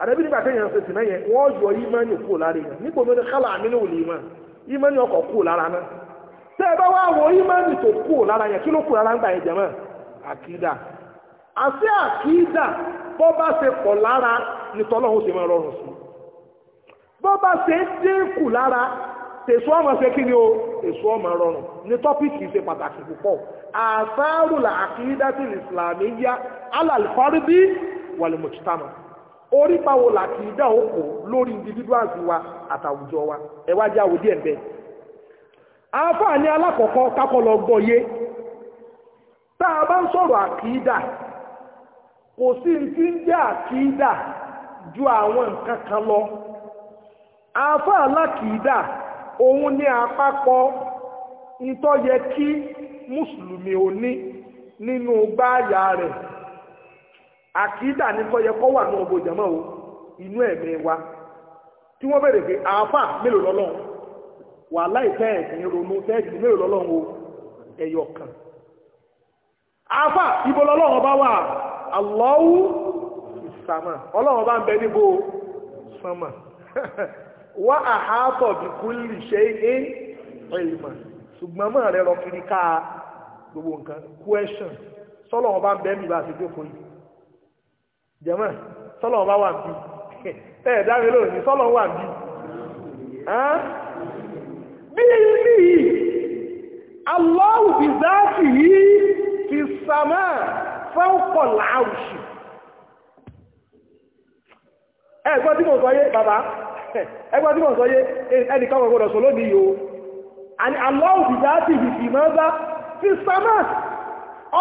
anabi nígbà tẹ́yìn ẹ̀sìn tì náà yẹn wọ́n yọ ìmánì kú lára yẹn nípò mi ní kálá mi ní òlì ìmọ̀ ìmánì ọkọ̀ kú lára náà tẹ́ ẹ bá wá wọ ìmánì tó kú lára yẹn kí ló kú lára ń gbà yẹn jẹ́ mọ́ àkídà àti àkídà bọ́ bá ṣe pọ̀ lára ni tọ́lọ́hún ṣe máa rọrùn sí bọ́ bá ṣe dínkù lára tẹ̀sọ́ ọmọ ṣe kí ni o tẹ̀sọ́ ọmọ rọrùn ni tọ́pìkì ṣe pàtàkì púpọ̀ àtàrù làkìdátì ìsìlámíyá alàlùfáríbí wàlùmọ̀tìtàmà orípa làkìdá òkò lórí individuals wa àtàwùjọ wa ẹwájá wo díẹ̀ bẹ́ẹ̀. alákọ̀ọ́kọ́ kákọlọ gbọ́yé tá a bá ń sọ̀rọ̀ àkìdá kò sí ti ń ju àwọn nǹkan lọ òun ni àpapọ̀ ìtọ́yẹ kí mùsùlùmí ò nínú gbáàyà rẹ̀ àkídà ní kọ́ yẹ kọ́ wà ní ọgbọ̀n inú ẹ̀mí wa tí wọ́n bẹ̀rẹ̀ pé àáfà mélòó lọ́lọ́run wà láìpẹ́ ẹ̀sìn ronú tẹ́ẹ̀sì mélòó lọ́lọ́run o ẹ̀yọ̀ kan àáfà ibo lọ́lọ́run bá wà ìsàmà ọlọ́run bá ń bẹ níbo wá àhátọ̀ bí kúlì ṣe é ṣùgbọ́n rẹ̀ rọ gbogbo nǹkan question sọ́lọ̀ ọba ń bẹ́ẹ̀ mi bá ti jókòó yìí jẹ́mọ̀ sọ́lọ̀ ọba wà bí ẹ̀ dáre lónìí sọ́lọ̀ wà bí bí ní yìí aláwù bí záàtì yìí ti sàmà fẹ́ǹkọ̀ láàrùsì ẹgbọ́n tí mo sọ yé bàbá ẹgbọ́n tí mo sọ yé ẹnìkan kò gbọdọ̀ sọ lónìí yìí o aláwù bí záàtì yìí fi sánmà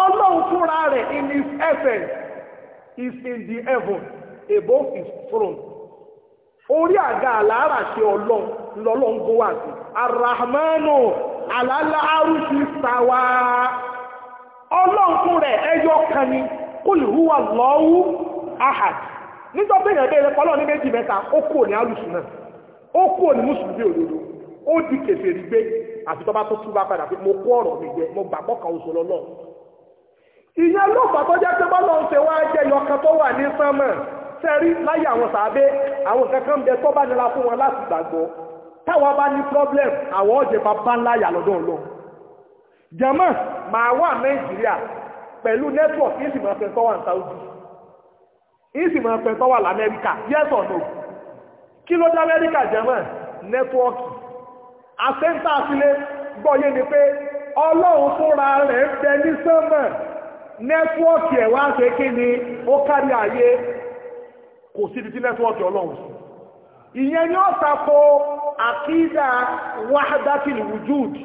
ọlọ́run fúnra rẹ̀ in his essence is in the heaven above his throne orí àga àlàárà ṣe ọlọ́run lọ́lọ́run kó wà sí arahmanu alala arusi sawa ọlọ́run fún rẹ̀ ẹyọ kan ni qul huwa Allahu ahad nítorí èèyàn bẹ́ẹ̀ lẹ́pọ̀ ọlọ́run ní méjì mẹ́ta ó kúrò ní alùsùn náà ó kúrò ní mùsùlùmí òdodo ó di kèfèrí gbé àti tó bá tó túbà padà pé mo kó ọ̀rọ̀ mi jẹ mo gbàgbọ́ kan oṣù lọ́lọ́ ìyẹn ló fà tó jẹ́ pé bọ́lá ń ṣe wá jẹ yọkan tó wà ní sánmọ̀ sẹ́rí láyé àwọn sàábé àwọn kankan bẹ tó bá nira fún wọn láti gbàgbọ́ táwọn bá ní problem àwọn ọ̀jẹ̀ bá ńlá yà lọ́dọ̀ lọ jẹ́mọ̀ màá wà nàìjíríà pẹ̀lú network yìí sì máa fẹ́ tọ́wà ní Saudi yìí sì máa fẹ́ tọ́wà lamẹ́ríkà yes or no kí ló dá amẹ́ríkà jẹ́mọ̀ nẹ́tíwọ́ọ̀kì àṣẹ́ńtà sílé gbọ́yé ni pé ọlọ́run fúnra rẹ̀ bẹ ní sánmà nẹ́tíwọ́ọ̀kì ẹ̀ wá ṣe kí ni ó kárí ayé kò síbi tí nẹ́tíwọ́ọ̀kì ọlọ́run sí ni ó àkídà wujud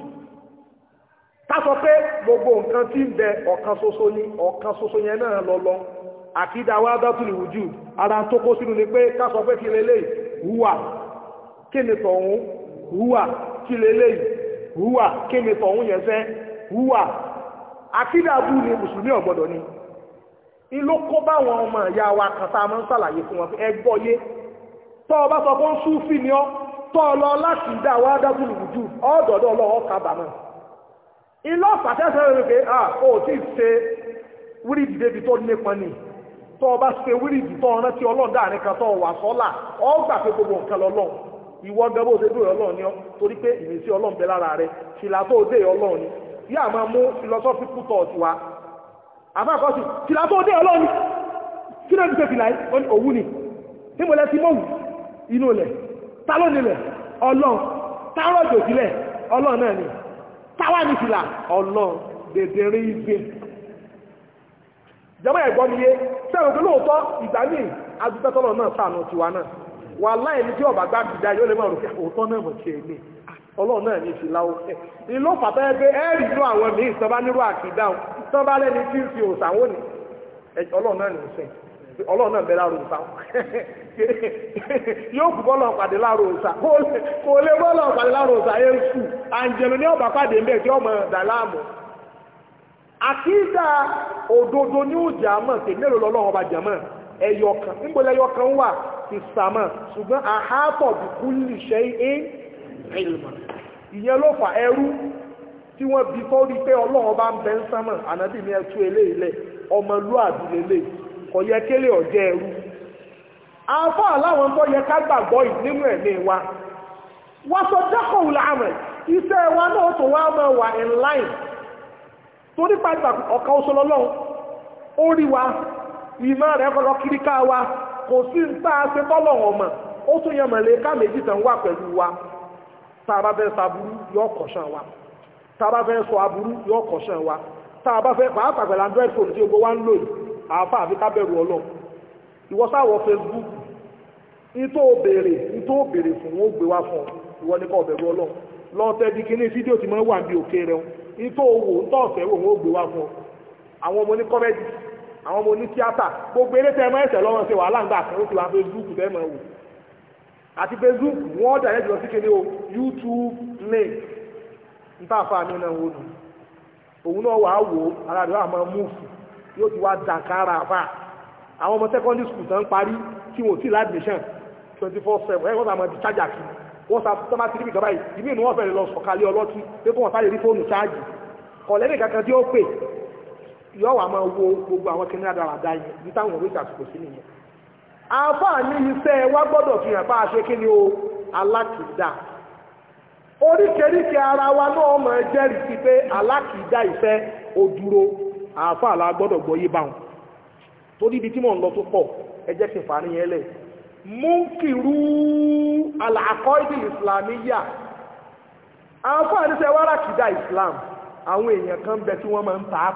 pé gbogbo nǹkan tí ń bẹ ọ̀kan ṣoṣo ní ọ̀kan ṣoṣo yẹn náà lọ́lọ́ àkídà wujud ara tó kó sínú ni pé kí leléyìí hùwà kí ni tọ̀hún yẹn fẹ́ hùwà akídàbù ni mùsùlùmí ọ̀gbọ́dọ̀ ni ìlú kó báwọn ọmọ ìyá wa kan tá a máa ń ṣàlàyé fún wọn pé ẹ gbọ́ yé tọ́ ọ bá sọ pé ó ń súfì ni ọ́ tọ́ ọ lọ láti dá wa dábùlù jù ọ́dọ̀ọ́dọ̀ ọlọ́wọ́ kábàámọ̀ ilé ọ̀fàtẹ́sẹ̀ rẹ̀ pé à ó ti ṣe wírídì débi tó nípọn ni tọ́ ọ bá ṣe wírídì tó rántí ọlọ́dà àríkan tó wà sọ́là ọ́ gbà pé gbogbo nǹkan lọ́lọ́run ìwọ gan bó ṣe dúró ọlọ́run ni ọ torí pé ìmísí ọlọ́run bẹ lára rẹ fìlà tó dé ọlọ́run ni yí àmọ́ mú philosophical thought wa àmọ́ àkọ́sí fìlà tó dé ọlọ́run kí ló ń pè fìlà òwú ni ní mo lẹ ti mọ́wù inú ilẹ̀ ta ló nílẹ̀ ọlọ́run ta rọ̀jò sílẹ̀ ọlọ́run náà ni táwa ní fìlà ọlọ́run dèdèrè ìgbé jọmọ́ ẹ̀gbọ́n mi yé sẹ́wọ̀n tó lóòótọ́ ìgbà míì adúgbẹ́tọ́lọ́ náà sànù tiwa náà wàhálà ẹni tí ọba gbàgbé dá yóò lè máa rò pé náà mọ̀ ẹ̀mí ah, ọlọ́run náà ní ìfìlà ọ̀fẹ́ ìlú fàtà ẹgbẹ́ ẹ̀rì inú àwọn míì sọba nírú àkìdáhùn sọba lẹ́ni tí ń fi òòsà wò ọlọ́run náà ní ìfẹ́ ọlọ́run náà bẹ láàrò ẹyọkan nígbòlẹ̀ ẹyọkan wà ti sàmà ṣùgbọ́n àhápọ̀ bí kú lè ṣe é ìlmọ̀ ìyẹn ló fà ẹrú tí wọ́n bí tó rí pé ọlọ́run bá ń bẹ ń sánmà ànábì ní ẹtú eléyìí ọmọlúàbí lélẹ̀ kò yẹ kélé ọ̀jẹ́ ẹrú afọ́ aláwọn tó yẹ ká gbàgbọ́ yìí nínú ẹ̀mí wa wọ́n sọ dákọ̀ọ́ làmẹ̀ iṣẹ́ wa náà tó wá máa wà in line torí pàtàkì ọ̀kan oṣù lọ́lọ́run ó rí wa ìmọ̀ rẹ̀ kọ́kọ́ kiri ká wa kò sí nta ṣe tọ́lọ̀ ọ̀mọ̀ ó tún yẹ mọ̀lẹ́ ká méjì tàn wá pẹ̀lú wa tá a bá fẹ́ saburú yọ kọ̀ṣán wa tá a bá fẹ́ sọ aburú yọ kọ̀ṣán wa tá a bá fẹ́ pàápàá pẹ̀lú android phone tí gbogbo wa ń lò yìí àáfà àfi ká bẹ̀rù ọlọ́run ìwọ sáwọ facebook ìtò òbèrè ìtò òbèrè fún wọn ó gbé wá fún ọ ìwọ ní ká ọbẹ̀rù ọlọ́run lọ tẹ́bi kíní fídíò tí mo wà bí òkè rẹ ìtò òwò ń tọ̀ ọ̀fẹ́ wò wọn ó gbé wá fún ọ àwọn ọmọ ní kọ́mẹ́dì àwọn ọmọ onítíátà gbogbo eré tẹ́ ẹ máa ẹ̀sẹ̀ lọ́wọ́ ṣe wàhálà ńgbà kan ó ti wà facebook bẹ́ẹ̀ máa wò àti facebook wọ́n direct lọ sí kéde o youtube link ń tà fà mí náà wò nù òun náà wà á wò ó ara rẹ̀ wà máa múùfù yóò ti wá dàkárà fà àwọn ọmọ secondary school tán parí tí wọn ò tí ì ládìmíṣàn twenty four seven ẹ̀ wọ́n sà máa di chájà kiri wọ́n sá tọ́mà sí níbi ìjọba yìí ìmí ìnú ọ̀fẹ́ lọ sọ̀kalẹ̀ ọlọ́tí pé kí wọ́n sáré rí fóònù ṣáàjì yọ wà máa wo gbogbo àwọn kìnnì àdàràdà yìí bí táwọn òwe ìtàsùkò sí nìyẹn àáfàá ní wa gbọ́dọ̀ fi hàn bá a ṣe kí ni o alákìídà oríkèéríkèé ara wa náà máa jẹ́rìí sí pé alákìídà ìfẹ́ ó dúró la gbọ́dọ̀ gbọ́ yé báwọn torí ibi tí mò ń lọ tó pọ̀ ẹ jẹ́ kí n fà á nìyẹn lẹ̀ múnkìrú àlàkọ́ìdì ìsìlámíyà àáfàá ní wa alákìídà ìsìlám àwọn èèyàn kan bẹ tí wọ́n máa ń ta á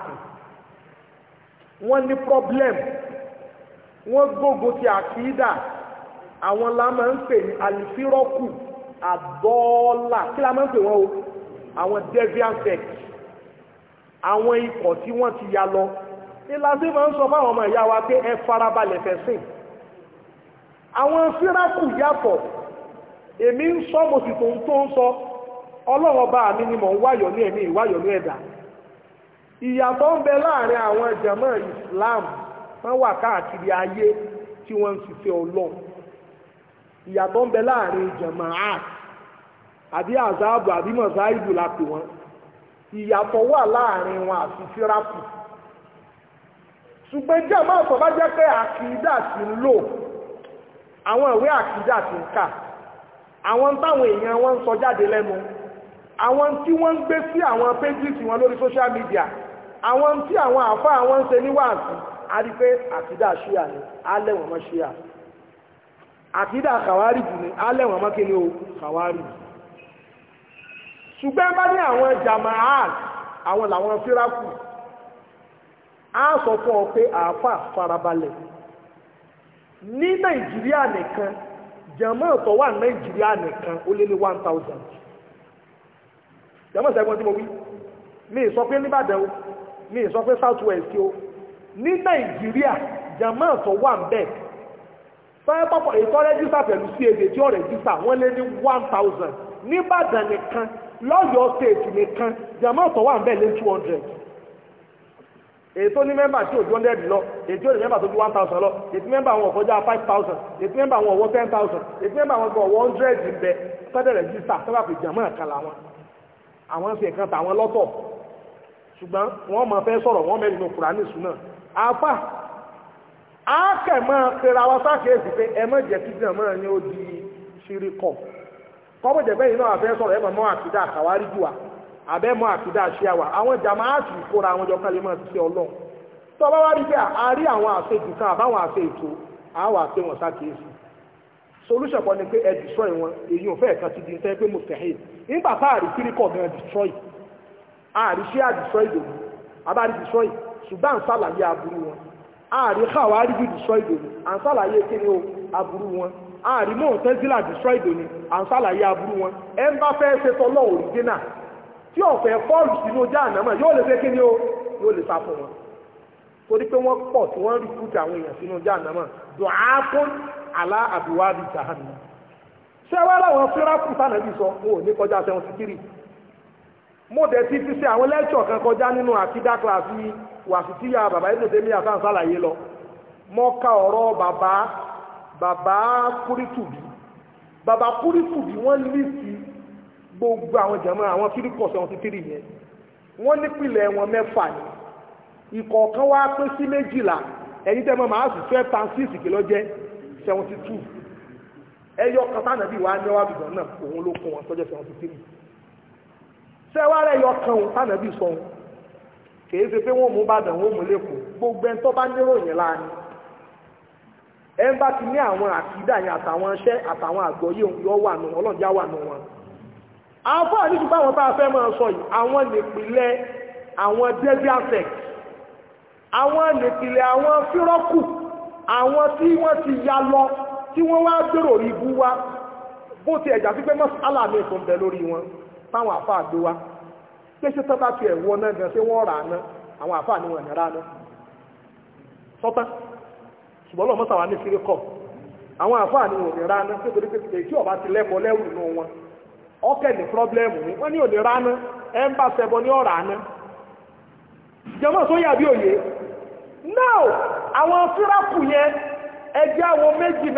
wọ́n ní problem wọ́n gbógo ti àkídà àwọn la máa ń pè ní àlìfírọ́kù àdọ́ọ́là kí la máa ń pè wọ́n o àwọn deviant sect àwọn ikọ̀ tí wọ́n ti ya lọ ìlàsí máa ń sọ fáwọn ọmọ ìyá wa pé ẹ farabalẹ̀ fẹ̀sìn àwọn fíràkù yàtọ̀ èmi ń sọ mo sì tó ń tó ń sọ ọlọ́run ọba mi ni mò ń wáyọ̀ ní ẹ̀mí ìwáyọ̀ ní ẹ̀dá ìyàtọ̀ ń bẹ láàrin àwọn jàmọ́ Islam wọ́n wà káàkiri ayé tí wọ́n ń ṣiṣẹ́ ọlọ́run ìyàtọ̀ ń bẹ láàrin jàmọ́ art àbí azabu àbí mọ̀sáìdù la pè wọ́n ìyàtọ̀ wà láàrin wọn àti fíráàpù ṣùgbọ́n jàmọ́ ọ̀sọ̀ bá jẹ́ pé àkìdá ti ń lò àwọn ìwé àkìdá ti ń kà àwọn táwọn èèyàn wọn ń sọ jáde lẹ́nu àwọn tí wọ́n ń gbé sí àwọn péjì tí wọ́n lórí social media àwọn tí àwọn àfa àwọn ń ṣe níwáàsí àti pé àtidá ṣíà ni alẹ́ wọn mọ́ ṣíà àtidá kàwárì jù ni alẹ́ wọn mọ́ kíni o kàwárì ṣùgbọ́n bá ní àwọn jamaat àwọn làwọn fíráàkù á sọ fún ọ pé àáfà farabalẹ̀ ní nàìjíríà nìkan jamaat tó wà nàìjíríà nìkan ó lé ní one thousand jamaat sẹ́gbọ́n tí mo wí mi sọ pé níbàdàn mi sọ pé south west o ní nàìjíríà jama tó wà ń bẹ̀ fẹ́ pọ́pọ́ ètò rẹ́jísà pẹ̀lú sí èdè tí ó rẹ́jísà wọ́n lé ní one thousand nìbàdàn nìkan lọ́yọ̀ọ́ state nìkan jama tó wà ń bẹ̀ lé two hundred ètò ní mẹ́mbà tí ò ju hundred lọ ètò ní mẹ́mbà tó ju one thousand lọ ètò mẹ́mbà àwọn ọ̀kọ́jà five thousand ètò mẹ́mbà àwọn ọ̀wọ́ ten thousand ètò mẹ́mbà àwọn ọ̀gbọ̀n ọ̀wọ́ hundred ń bẹ fẹ́dẹ̀rẹ̀ jísà sábà fi jàmọ́ ẹ̀ka làwọn àwọn fi nǹkan tàwọn lọ́tọ̀ ṣùgbọ́n wọ́n máa fẹ́ sọ̀rọ̀ wọ́n mẹ́rin ní kùránì súnà àfà ákẹ̀ máa pera wa sákèésì pé ẹ má jẹ́ kíjì náà ní ó di ṣírí kọ̀ kọ́mọ̀ jẹ́ bẹ́yìn náà fẹ́ sọ̀rọ̀ ẹ mọ̀ mọ́ àkídà àkàwárí jù wá àbẹ́ mọ́ àkídà ṣé àwà àwọn jàmáàtì ìkóra àwọn jọ kálí máa ti ṣe ọlọ́run tó bá wá rí pé àárí àwọn àṣejù kan àbáwọn àṣe ètò àwọn àṣe wọn sákèésì solution kan ni pé ẹ destroy wọn èyí ò fẹ́ẹ̀ kan ti di ní sẹ́yìn pé mo tẹ̀hìn nígbà táàrí kíríkọ̀ gan destroy àríṣẹ́ àdìsọ́ ìdòmí abáríṣọ́ ì ṣùgbọ́n à ń sàlàyé aburú wọn àrí káwàá rí dìsọ́ ìdòmí à ń sàlàyé kíni o aburú wọn àrí mọ̀ọ́tẹ́sílà dìsọ́ ìdòmí à ń sàlàyé aburú wọn ẹ ń bá fẹ́ ṣe tọ́lọ́ òrìdínà tí ọ̀fẹ́ fọ́ọ̀lù sínú ọjà ànámọ̀ yóò lè fẹ́ kíni o yóò lè sá fún wọn torí pé wọ́n pọ̀ tí wọ́n rí kúta àwọn èèyàn sínú ọjà ànámọ̀ dùn á fún àlá àbúwá bíi jahannam ṣé wọ́n láwọn fúnra kùtà nàbí sọ wọn ò ní kọjá 73 mo dẹ̀ ti fi ṣe àwọn lẹ́kṣọ̀ kan kọjá nínú àkídá kíláàsì wàsítíyà bàbá ibùdó tèmi àtàn sàlàyé lọ mo ka ọ̀rọ̀ bàbá bàbá kúrítùbí bàbá kúrítùbí wọ́n lísì gbogbo àwọn jẹ̀mọ́ àwọn kíríkọ̀ seventy three yẹn wọ́n nípìnlẹ̀ wọn mẹ́fà ni ìkọ̀ọ̀kan wá pín sí méjìlá ẹ̀yin tẹ́ mọ́ màá sì twelve times six kìlọ́ jẹ́ seventy two ẹyọ kan tánàbí wàá ní wàá bìbọn náà òun ló kún wọn sọ́jọ́ seventy three sẹ́wárẹ̀ yọ kan òun tànàbí sọ òun kì í ṣe pé wọ́n mú bàdàn wọ́n mú lẹ́kọ̀ọ́ gbogbo ẹni tó bá níròyìn láàánú ẹ ń bá ti ní àwọn àkídà yẹn àtàwọn iṣẹ́ àtàwọn àgbọ̀yé yọ wà nù ọlọ́jà wà nù wọn. àwọn àdìsí báwọn bá fẹ́ máa sọ yìí àwọn nìpìlẹ̀ àwọn deviasex àwọn nìpìlẹ̀ àwọn fírọ́kù àwọn tí wọ́n ti ya lọ tí wọ́n wá gbèrò ìbú wa bó ti ẹ̀jà sí pé mọ́sálà mi kò ń bẹ lórí wọn. táwọn àfa àgbé wa pé ṣé tọ́ba tiẹ̀ wọ náà gan ṣé wọ́n rà ná àwọn àfa ni wọ́n ní rà ná sọ́tá ṣùgbọ́n lọ́mọ sàwọn ní àwọn ni wọ́n ní rà ná pé torí pé tí ọba ti lẹ́kọ̀ọ́ lẹ́rù nù wọn ọkẹ́ ní pírọ́blẹ́mù ni wọ́n ní òní rà ná ẹ̀ ń bá ṣẹbọ ní ọ̀rà ná jọmọ́ bí òye àwọn yẹn àwọn méjì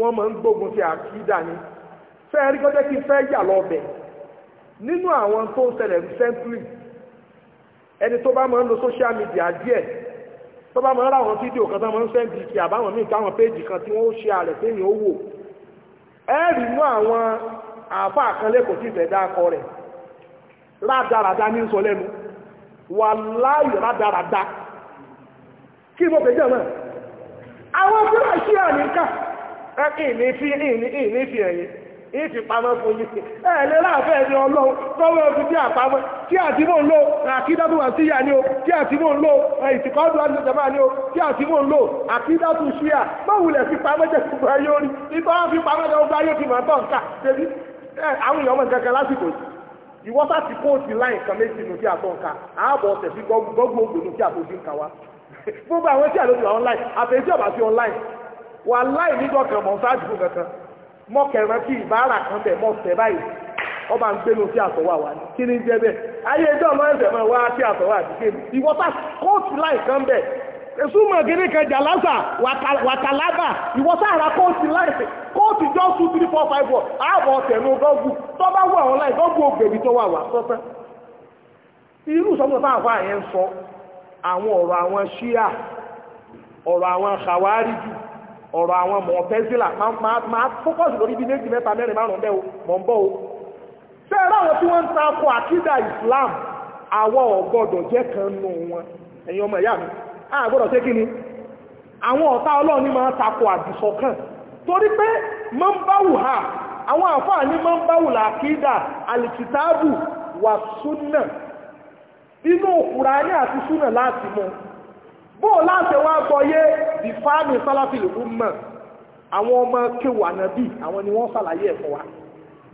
wọ́n máa ń gbógun ti àkídà ni fẹ́ rí kọ́jẹ́ kí fẹ́ yà lọ bẹ̀ nínú àwọn tó ń ṣẹlẹ̀ recently ẹni tó bá máa ń lo social media díẹ̀ tó bá máa ń ráwọn fídíò kan tó máa ń sẹ́ndì kí àbáwọn míì káwọn péjì kan tí wọ́n ó ṣe ààrẹ téèyàn ó wò ẹ rí mú àwọn àáfà kan lẹ́kọ̀ọ́ sí ìfẹ́ dákọ rẹ̀ rádaràda ní sọ lẹ́nu wà láì rádaràda kí mo pè jẹ́ mọ́ àwọn fúlàṣí àníkà ìní fi ìní ìní fi ẹ̀yìn ìní fi pamọ́ fún yìí ẹ̀ lè láàfẹ́ ẹ̀rí ọlọ́run tọ́wọ́ ẹ̀fún tí àpamọ́ tí àti mò ń lò àkídátù àtìyà ni o tí àti mò ń lò ìtìkọ́dù àtìjọba ni o tí àti mò ń lò àkídátù ṣíà mọ̀wùlẹ̀ fi pamọ́ jẹ́ gbogbo ayé orí ìtọ́ fi pamọ́ jẹ́ gbogbo ayé fi mọ̀ tọ́ nǹka débi àwọn èèyàn ọmọ nǹkan kan lásìkò ìwọ́ sá ti kóòtù láì nǹkan méjì nù tí àtọ́ nǹka ààbọ̀ ọ̀sẹ̀ fi gbọ́gbọ́gbò ògbò nù tí àtọ́jú nǹka wa gbogbo àwọn tí àlejò online àtẹ̀jọba sí online wà láì nígbà kan mọ̀ sáájú fún kankan mọ̀ kẹrin kí ìbára kan bẹ̀ mọ̀ tẹ̀ báyìí ọba ń gbénu sí àtọ̀wà wa ni kí ni jẹ́ bẹ́ẹ̀ ayé ẹjọ́ ọmọ ẹ̀sẹ̀ máa wá sí àtọ̀wà àdìgbé ni ìwọ́ta kóòtù láì kan bẹ̀ èsúmọ̀ gíní kan jàlásà wàtàlábà ìwọ́ta ara kóòtù láì kóòtù jọ two three four five four ààbọ̀ tẹ̀nu gọ́gù tó bá àwọn láì gọ́gù ògbèbí tó wà wà sọ́tán irú sọ́mọ́ tá àfa yẹn sọ àwọn ọ̀rọ̀ àwọn ṣíà ọ̀rọ̀ àwọn kàwárí jù ọ̀rọ̀ àwọn mọ̀ọ́tẹ́sílà máa fókọ̀sì lórí ibi méjì mẹ́ta mẹ́rin márùn-ún bẹ́ẹ̀ mọ̀ ń bọ́ o ṣé ráwọn tí wọ́n ń ta ọkọ̀ àkídà Islam àwọn ọ̀gbọ́dọ̀ jẹ́ kan nù wọn ẹ̀yin ọmọ ìyá mi àgbọ́dọ̀ ṣé kí ni àwọn ọ̀tá Ọlọ́run ní máa takọ̀ àdìsọ̀kàn torí pé máa ń báwù ha àwọn àfáà ní máa ń báwù làkídà alìkìtàbù wà súnà inú Kùránì àti súnà láti mọ́ bó o láti wá gbọ́yé the fáàmì sálàfìlì fún mọ̀ àwọn ọmọ kéwù ànàbí àwọn ni wọ́n sàlàyé ẹ̀ fún wa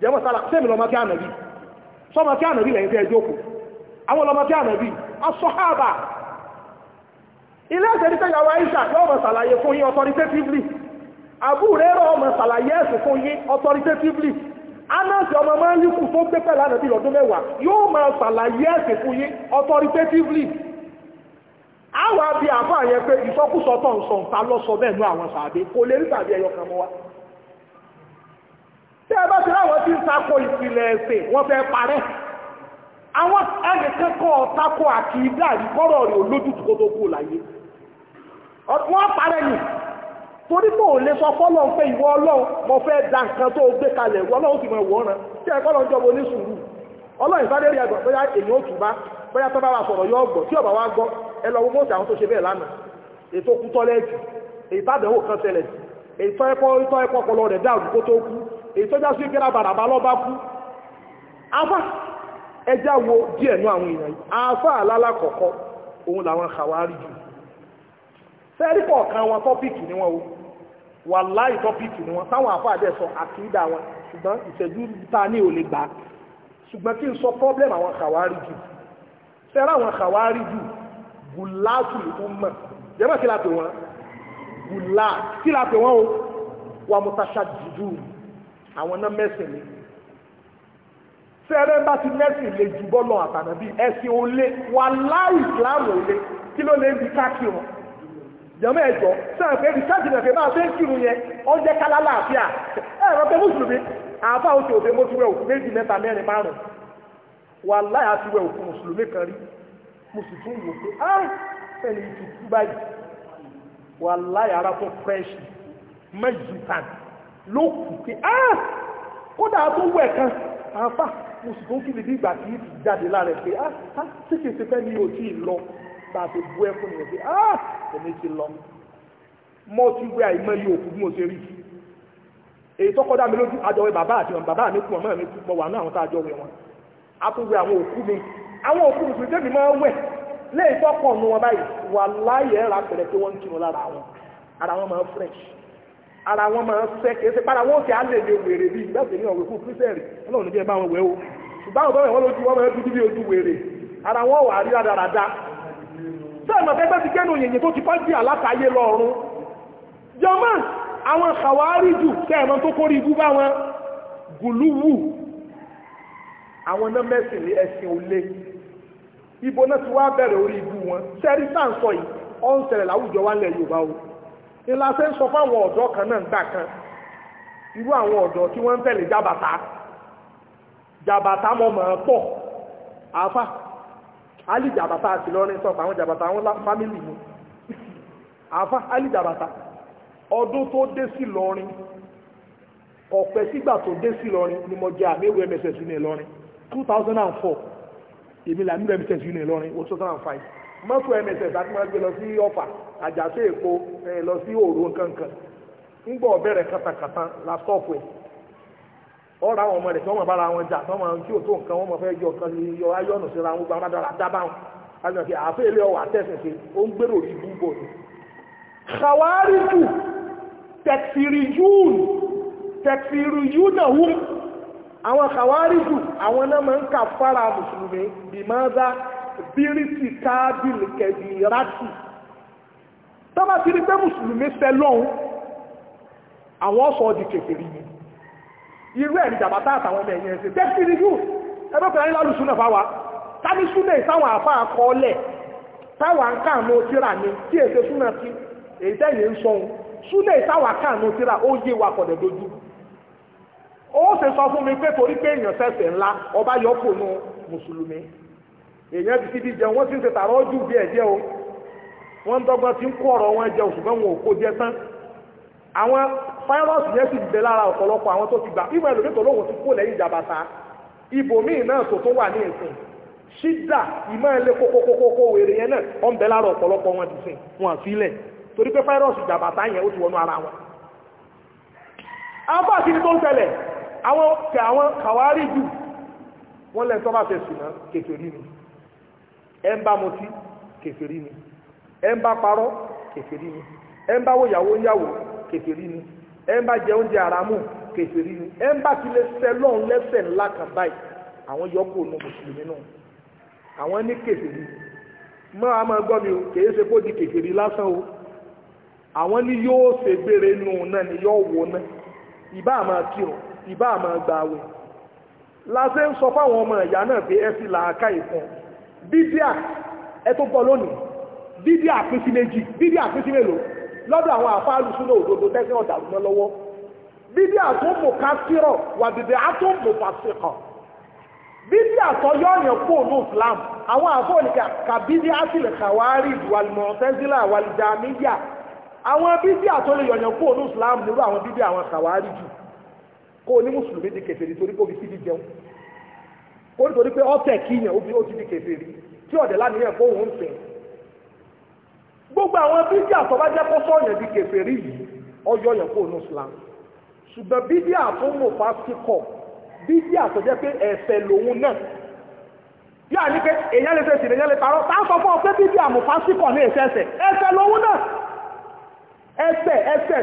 jẹ́mọ̀ sálà sẹ́mi lọ́mọ kí ànàbí sọmọ kí ànàbí lẹ́yìn tẹ́ ẹjọ́ kù àwọn lọ́mọ kí ànàbí asọ́hábà ilé ẹ̀sẹ̀ ní tẹ́yàwó aisha yóò mọ̀ sàlàyé fún yín authoritatively àbúrẹ́ rọ̀ mọ̀ sàlàyé ẹ̀sùn fún yín authoritatively anọ́sì ọmọ máa ń líkù tó gbé pẹ̀lú ànàbí lọ́dún mẹ́wàá yóò mọ̀ sàlàyé ẹ̀sùn fún yín authoritatively àwọn àbí àbá yẹn pé ìsọkúsọ tó ń sọ nǹkan lọ́sọ mẹ́nu àwọn sàbí kò lè rí tàbí ẹyọ kan mọ́ wa tí ẹ bá ti láwọn tí ń takò ìpìlẹ̀ ẹ̀sìn wọ́n fẹ́ parẹ́ àwọn ẹnìkan kọ́ takò àti ìdá ìkọ́rọ̀ rẹ̀ olójútù kó tó kú láyé wọ́n parẹ́ nì torí pé ò lè sọ fọ́lọ́ pé ìwọ ọlọ́run mo fẹ́ da nǹkan tó gbé kalẹ̀ ìwọ ọlọ́run sì mọ̀ ìwọ́ran tí ẹ kọ́lọ́ ń jọba oníṣùúrù ọlọ́run ìbádẹ́rì àgbà bóyá èyí ó tù bá bóyá tó bá wa sọ̀rọ̀ yọ ọgbọ̀ tí ọba wa ẹ lọ wọ́n àwọn tó ṣe bẹ́ẹ̀ lánàá ètò kú tọ́lẹ́ẹ̀tì èyí tàbẹ̀wò kan tẹ́lẹ̀ èyí tọ́ ẹ̀kọ́ ọpọlọ rẹ̀ dáàbò kó tó kú èyí tọ́já sí kẹ́rà bàràbà lọ́bá kú afá ẹjá wo díẹ̀ nú àwọn èèyàn yìí afá alálàkọ̀ọ́kọ́ òun làwọn kàwárí jù fẹ́rípọ̀ kan wọn tọ́pìkì ni wọn o wà láì tọ́pìkì ni wọn táwọn afá àdẹ́ sọ àkídà wọn ṣùgbọ́n ìṣẹ́jú ta ní ò lè gbà ṣùgbọ́n kí n sọ pọ́blẹ́mù àwọn kàwárí jù fẹ́ràn àwọn kàwárí jù gùláàtù ìfúnmọ̀ jẹ́mọ̀ kí la pè wọ́n gùlá kí la pè wọ́n o wà mùtàṣà jùjú àwọn náà mẹ́sìn ni sẹ́rẹ́ bá ti mẹ́sìn lè jù bọ́lọ̀ àtànàbí ẹ̀sìn ò lé wà láì ìsìláàmù ò lé kí ló lè bí káàkiri wọn jẹ́mọ̀ ẹ̀jọ́ sẹ́rẹ̀ pé rìsáàjì náà fẹ́ bá fẹ́ kírun yẹn ó jẹ́ kálá láàfíà ẹ̀rọ pé mùsùlùmí àáfà òṣèlú pé mo ti wẹ̀ òkú méjì mẹ́ta mẹ́rin márùn-ún wà láì àti wẹ̀ mo sì tún wò pé á ẹni ìtùkú báyìí wà láyà ara tó fẹ́ẹ̀ṣì méjì tàn ló kù pé á kódà tó wẹ̀ kan àáfà mo sì tún kíbi bí ìgbà tí yìí ti jáde lára ẹ̀ pé á tí kìí ṣe fẹ́ ni ò tí ì lọ bá a ti bú ẹ fún ìyẹn pé á ẹni ti lọ mo ti wẹ àìmọ̀ yìí òkú bí mo ṣe rí èyí tó kọ́ dá mi lójú àjọwé bàbá àti bàbá mi kú ọmọ mi kú mọ wà náà àwọn tá àjọwé wọn a tún wẹ àwọn òkú mi àwọn òkú mùsùlùmí tẹ́lẹ̀ máa wẹ̀ lẹ́yìn tó pọ̀ nù wọn báyìí wà láyé ẹ̀rọ àpẹẹrẹ pé wọ́n ń kírun lára wọn ara wọn máa fresh ara wọn máa fẹ́ kìí ṣe para wọn ti á lè lè wèrè bíi ìgbàsẹ̀ ní ọ̀wẹ̀ fún kírísẹ̀rì ọlọ́run níbi ẹ̀bá wọn wẹ̀ o ṣùgbọ́n àwọn ọmọ lójú wọn máa dúdú bí ojú wèrè ara wọn wà rí rádaràda sẹ́ẹ̀mọ̀ ẹgbẹ́ ti kẹ́nu yìnyín tó ti pọ́ jì àlátayé lọ́rùn jọmọ́ àwọn kàwárí jù sẹ́ẹ̀mọ̀ tó kórì ibú bá wọn gùlúwù àwọn nọ́mẹ́sì ní ẹ̀sìn òlé ibo náà ti wá bẹ̀rẹ̀ orí ibu wọn sẹ́rí sáà ń sọ yìí ó ń ṣẹlẹ̀ láwùjọ wa ńlẹ̀ Yorùbá o ńlá ṣe ń sọ fáwọn ọ̀dọ́ kan náà gbà kan irú àwọn ọ̀dọ́ tí wọ́n ń tẹ̀lé jàbàtà jàbàtà mọ̀ mọ̀ pọ̀ àáfà alì jàbàtà àti lọ́rin sọ̀pọ̀ àwọn jàbàtà àwọn fámìlì mi àáfà alì jàbàtà ọdún tó dé sí lọ́rin ọ̀pẹ sígbà tó dé sí lọ́rin ni mo jẹ àmẹ́wò mss ní lọ́rin 2004 èmi là nílò mss union lọrin o two thousand five mọ́tò mss àti máa gbé lọ sí ọ̀fà àjàṣe èkó lọ sí òru nkankan ńgbọ́ ọ̀bẹ̀rẹ̀ katakata la stọ́ọ̀pù ẹ̀ ọ̀rọ̀ àwọn ọmọ rẹ̀ tí wọ́n máa bára wọn jà tí wọ́n máa kí òtó nǹkan wọ́n máa fẹ́ yọ kan yọ ayọ́nù síra wọn gba amádára dábàwọn àgbàfi àáfẹ́ ilé ọwọ́ àtẹ̀sẹ̀ ṣe ó ń gbèrò orí búbọ̀ ni. kàwárí jù tẹ̀sìrì yún tẹ̀sìrì yún náà àwọn kàwárìjù àwọn náà máa ń kà fara mùsùlùmí bìmọ́dá bírísì káàbìlì kẹ̀bì rátì tọ́bà ti rí pé mùsùlùmí fẹ́ lọ́hun àwọn sọ di kèfèrí ni irú ẹ̀rí jàbátá àtàwọn ọmọ ẹ̀yẹn ṣe tẹ́kì ní jù ẹgbẹ́kùnrin nílá lùsùn náà fáwa ká ní súnà ìsáwọn àfá àkọọ́lẹ̀ táwà ń tíra ni tí èsè súnà tí èyí tẹ́yìn ń sọun súnà ìsáwọn àkáànú tíra ó yé wa kọ̀dẹ̀ dojú ó ṣe sọ fún mi pé torí pé èèyàn ṣẹ̀ṣẹ̀ ńlá ọba yọpò nu mùsùlùmí èèyàn ti fi jẹun wọ́n ti ń ṣe tààrọ ojú bí ẹ̀jẹ̀ o wọ́n ń dọ́gbọ́n ti ń kó ọ̀rọ̀ wọn jẹ òṣùgbọ́n wọn ò kó jẹ tán àwọn fáírọ́ọ̀sì yẹn ti bẹ lára ọ̀pọ̀lọpọ̀ àwọn tó ti gbà ìmọ̀ ẹlòmíì tó lóun ti kó lẹ́yìn ìjàbàtà ibòmíì náà tó tó wà ní ìsìn ṣídà ìmọ̀ ẹlẹ́ kókókókó wèrè yẹn náà ó ń bẹ lára ọ̀pọ̀lọpọ̀ wọn ti sìn wọn àfilẹ̀ torí pé fáírọ́ọ̀sì ìjàbàtà yẹn ó ti wọnú ara wọn. àwọn bá àti ní tó ń tẹ̀lẹ̀ àwọn kẹ àwọn kàwárí jù wọ́n lẹ́nu tó bá fẹ́ sùn náà kèfèrí ni ẹ ń bá mutí kèfèrí ni ẹ ń bá parọ́ kèfèrí ni ẹ ń bá wòyàwó yàwó kèfèrí ni ẹ ń bá jẹ oúnjẹ àràmù kèfèrí ni ẹ ń bá tilẹ̀ sẹ́lọ̀n lẹ́sẹ̀ ńlá kan báyìí àwọn yọkù ònà mùsùlùmí náà àwọn ní kèfèrí máa máa gbọ́ mi o kèé ṣe kó di kèfèrí lásán o àwọn ní yóò ṣègbére nù náà ni yóò wò náà ìbá àmà kírun ìbá àmọ́ gba àwẹ̀ láti ń sọ fáwọn ọmọ ìyá náà pé ẹ fi làákà ìfún bídíà ẹ tó bọ́ lónìí bídíà pín sí méjì bídíà pín sí mélòó lọ́dọ̀ àwọn àfáàlù súnà òdodo tẹ́sán ọ̀dà mọ́ lọ́wọ́ bídíà tó mú kásírọ̀ wà dìde átó mú fàṣíkọ̀ bídíà tó yọ̀ọ̀yàn kó ní Islam àwọn àfọ̀nì kà bídíà tilẹ̀ kàwárì wàlùmọ̀ tẹ́sílà wàlùjàmíyà àwọn bídíà tó lè yọ̀ọ̀yàn kó ní Islam nírú àwọn bídíà àwọn kàwárì jù kó o ní mùsùlùmí di kèfèrí torí kó fi síbi jẹun kó nítorí pé ọ̀tẹ̀ kíyàn ó ti di kèfèrí tí ọ̀dẹ̀ lánìyàn kó òun sìn gbogbo àwọn bídíà tó bá jẹ́ kó sọ̀yàn di kèfèrí yìí ọjọ́ yẹn kó òun Islam ṣùgbọ́n bídíà tó mò fásikọ̀ bídíà tó jẹ́ pé ẹ̀ṣẹ̀ lòun náà bí a ní pé èyàn lè fẹ́ sí lè parọ́ tá a sọ fún ọ pé bídíà mò fásikọ̀ ní ẹ̀ṣẹ̀ ẹ̀ṣẹ̀ ẹ̀ṣẹ̀ lòun náà ẹ̀ṣẹ̀ ẹ̀ṣẹ̀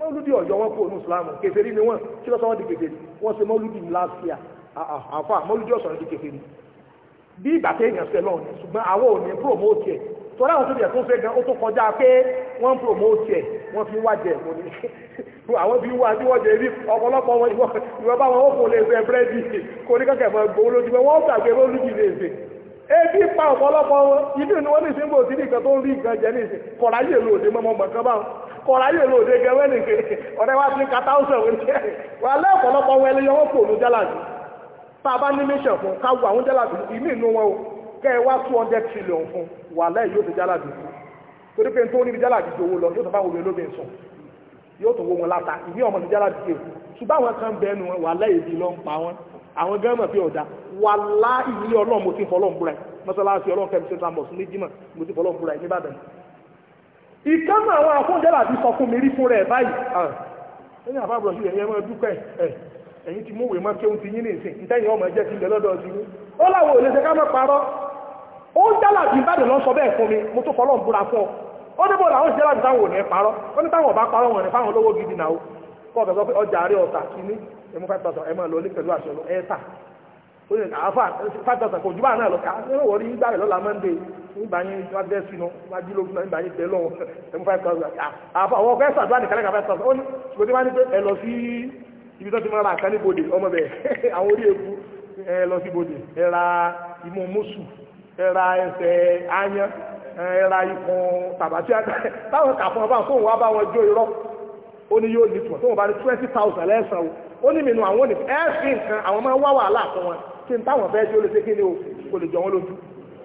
mọ́lúdì ọ̀yọ́ wọn kú ònú islam kèfèrí ni wọ́n kí lọ́sọ́ wọn di kèfèrí wọ́n ṣe mọ́lúdì last year àfà mọ́lúdì ọ̀sán di kèfèrí bí ìgbà tẹ èèyàn ṣẹlọ ni ṣùgbọ́n àwọn ò ní promote ẹ̀ tọ́lá àwọn tóbi ẹ̀ tó fẹ́ gan ó tó kọjá pé wọ́n promote ẹ̀ wọ́n fi wá jẹ ẹ̀kọ́ àwọn bí wá wọ́n jẹ ibi ọ̀pọ̀lọpọ̀ wọn ìwọ bá ó kò lè fẹ́ búrẹ́dì kò ní kẹ́kẹ́ mọ́ gbowó lójú wọn ó gbàgbé lójú lè fẹ́ ebi pa ọ̀pọ̀lọpọ̀ wọn ibi ni wọ́n ní símbò tí nìkan tó ń rí nǹkan jẹ níṣẹ́ kọ̀ráyè lòdì mọ́mọ́ gbọ̀ngàn báwọn kọ̀ráyè lòdì gẹ́gẹ́ nìke ọ̀rẹ́ wa ti ń ka táwùsàn wọn jẹ́ wà lẹ́ ọ̀pọ̀lọpọ̀ wọn ẹlẹ́yọ wọn kò ní jálàbí tá a bá ní mission fún ká wo àwọn jálàbí ìmí inú wọn o kẹ́ ẹ wá two hundred trillion fún wà lẹ́ yóò ti jálàbí fún torí pé nítorí níbi jálàbí ti owó lọ yóò tó bá wọlé lóbi sùn yóò tó wọ wọn láta ìmí ọmọ ní jálàbí ti èkó ṣùgbọ́n àwọn kan bẹ́ẹ̀ nu wọn wà lẹ́ ìdí lọ ń pa wọn àwọn gánmọ̀ fi ọ̀dà wà láì ní ọlọ́run mo ti fọlọ́run búra ẹ̀ mọ́sálásí ọlọ́run kẹ́mi central mosque ní jimá mo ti fọlọ́run búra ẹ̀ nìbàdàn. ìkánná àwọn afọ́njẹ́lá ti sọ fún mi rí fún rẹ̀ báyìí ẹ̀yìn àfáàbọ̀ sí ẹ̀yìn ẹmọ dúpẹ́ ẹ̀yìn ti múwèé mọ́ kéhùn ti yín ní ìsìn ìtẹ́yìn ọmọ ẹjẹ́ ti ń lọ́dọ̀ sí ní ó láwọ̀ ò lè ṣe ká mọ́ parọ́ ó ń jálà bí ìbàdàn lọ sọ bẹ́ẹ̀ fún mi mo tó fọlọ́n búra fún ọ ó débò làwọn ìṣẹ́lá ti táwọn ò ní parọ́ ó ní táwọn ọba parọ́ wọn ní kọ́ọ̀bẹ̀ sọ pé ọjà rẹ̀ ọ̀tà kìíní ẹ̀mú five thousand ẹ̀mú ẹ̀lọ́lé pẹ̀lú àṣẹ lọ ẹ̀ẹ́ta ó ní àáfà five thousand kò jùbá náà lọ ká ẹ̀rọ wọ̀rí ìgbà rẹ̀ lọ́la monday nígbà yín wá bẹ́ẹ̀ sí nu wá jí lógun náà nígbà yín tẹ̀ lọ́wọ́ ẹ̀mú five thousand àáfà àwọn ọkọ̀ ẹ̀sà àdúrà nìkan lẹ́ka five thousand ó ní ṣùgbọ́n tí wọ́n á ní pé ẹ lọ sí ibi tó ti máa ra àká ní bòde ọmọ bẹ̀ àwọn orí eku ẹ lọ sí bòde ẹ ra imú mùsù ẹ ra ẹsẹ̀ áyán ẹ ra ikùn tàbátí táwọn kà fún ọ bá fóun wá bá wọn jó irọ́ ó ní yóò nítumọ̀ tó wọn bá ní twenty thousand lẹ́sàn o ó ní mìíràn àwọn onífẹ́ ẹ fi nǹkan àwọn máa ń wá wàhálà fún wọn kí n táwọn fẹ́ ṣe ó lè ṣe kí ni o kò lè jọ wọn lójú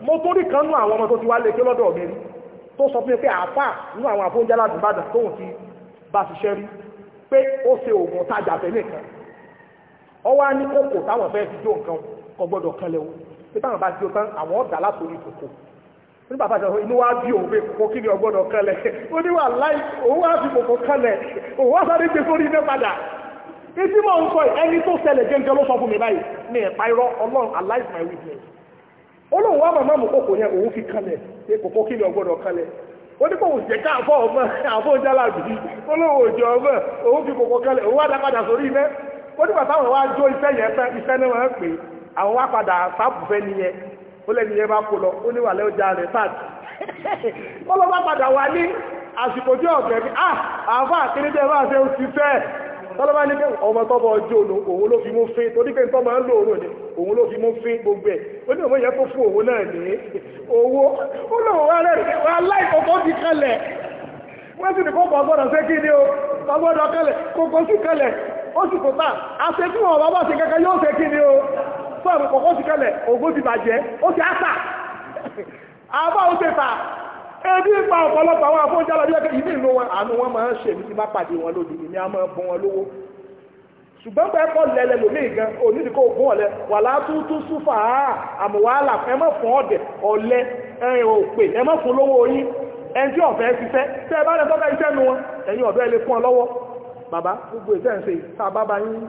mo tó rí kan nú àwọn ọmọ tó ti wá lé ké lọ́dọ̀ mi tó sọ fún mi pé àáfà nú àwọn àfóúnjálá àdìbàdàn tóun ti bá ṣiṣẹ́ rí pé ó ṣe oògùn tajà fẹ́ nìkan ọ wá ní kókò táwọn fẹ́ fi jó nǹkan kò gbọ́dọ̀ kanlẹ̀ o pé táwọn bá jó tán àwọn ọ̀dà látòrí kòkò ní bapata àjọ inú wá bí òun pé kòkó kí ni ọgbọ́dọ̀ kẹlẹ̀ ó ní wà láì òun wá fi kòkó kẹlẹ̀ òun wá sáré gbé sórí iná padà èsì mọ̀ ń sọ ẹni tó ló sọ fún mi báyìí ní ẹ̀pá irọ́ ọlọ́run alive my witness màmá mú kòkó yẹn òun fi kẹlẹ̀ kòkó kí ni ọgbọ́dọ̀ kẹlẹ̀ ó ní kò wù jẹ́ ká àfọ́ ọmọ àfọ́ jálàbí òjò ọmọ òun fi kòkó kẹlẹ̀ ó lẹ́ni yẹn bá kó lọ ó ní wàlẹ́ ọjà rẹ̀ fàájì ó lọ bá padà wá ní àsìkò tí ọ̀fẹ́ ní ah, àfà àkínídẹ́ bá ṣe ń ti fẹ́ tọ́lọ́bá ní ọmọ tọ́bọ̀ ọjọ́ òun ló fi mú fín torí pé tọ́mọ ń lò òun ní òun ló fi mú fín gbogbo ẹ̀ ó ní òun yẹ kó fún òun náà ní owó ó lòun wá rẹ̀ wá láìkọ̀kọ́ ti kalẹ̀ wọ́n sì ní kó pọ̀ gbọ́dọ̀ sé kí ni o pọ̀ gbọ́dọ̀ kalẹ̀ kókó sí kalẹ̀ ó sì kò tà àṣẹ tí wọn bàbá ṣe kẹ́kẹ́ yóò sé kí ni o fọ́ọ̀mù kọ̀kọ́ sí kẹlẹ̀ ògbó ti bàjẹ́ ó ti àṣà àbá ó ti fà ebi pa ọ̀pọ̀lọpọ̀ àwọn afọ́njálà bí ẹgbẹ́ ìdí ìlú wọn àánú wọn máa ń ṣe ní ti bá pàdé wọn lódì ní a máa bọ́ wọn lówó ṣùgbọ́n pẹ́ kọ́ lẹ́lẹ́ lómi gan onídìí kò gún ọ̀lẹ́ wà látúntún súfà àmúwàhálà ẹ má fún ọ̀dẹ̀ ọ̀lẹ́ ẹ̀yìn òpè ẹ má fún lówó yín ẹni tí ọ̀fẹ́ ṣiṣẹ́ tẹ́ ẹ bá lẹ́ tọ́ka iṣẹ́ nu wọn ẹ̀yin ọ̀bẹ́ lè fún ọ lọ́wọ́ bàbá gbogbo ìtẹ́ ń ṣe tá a bá ba yín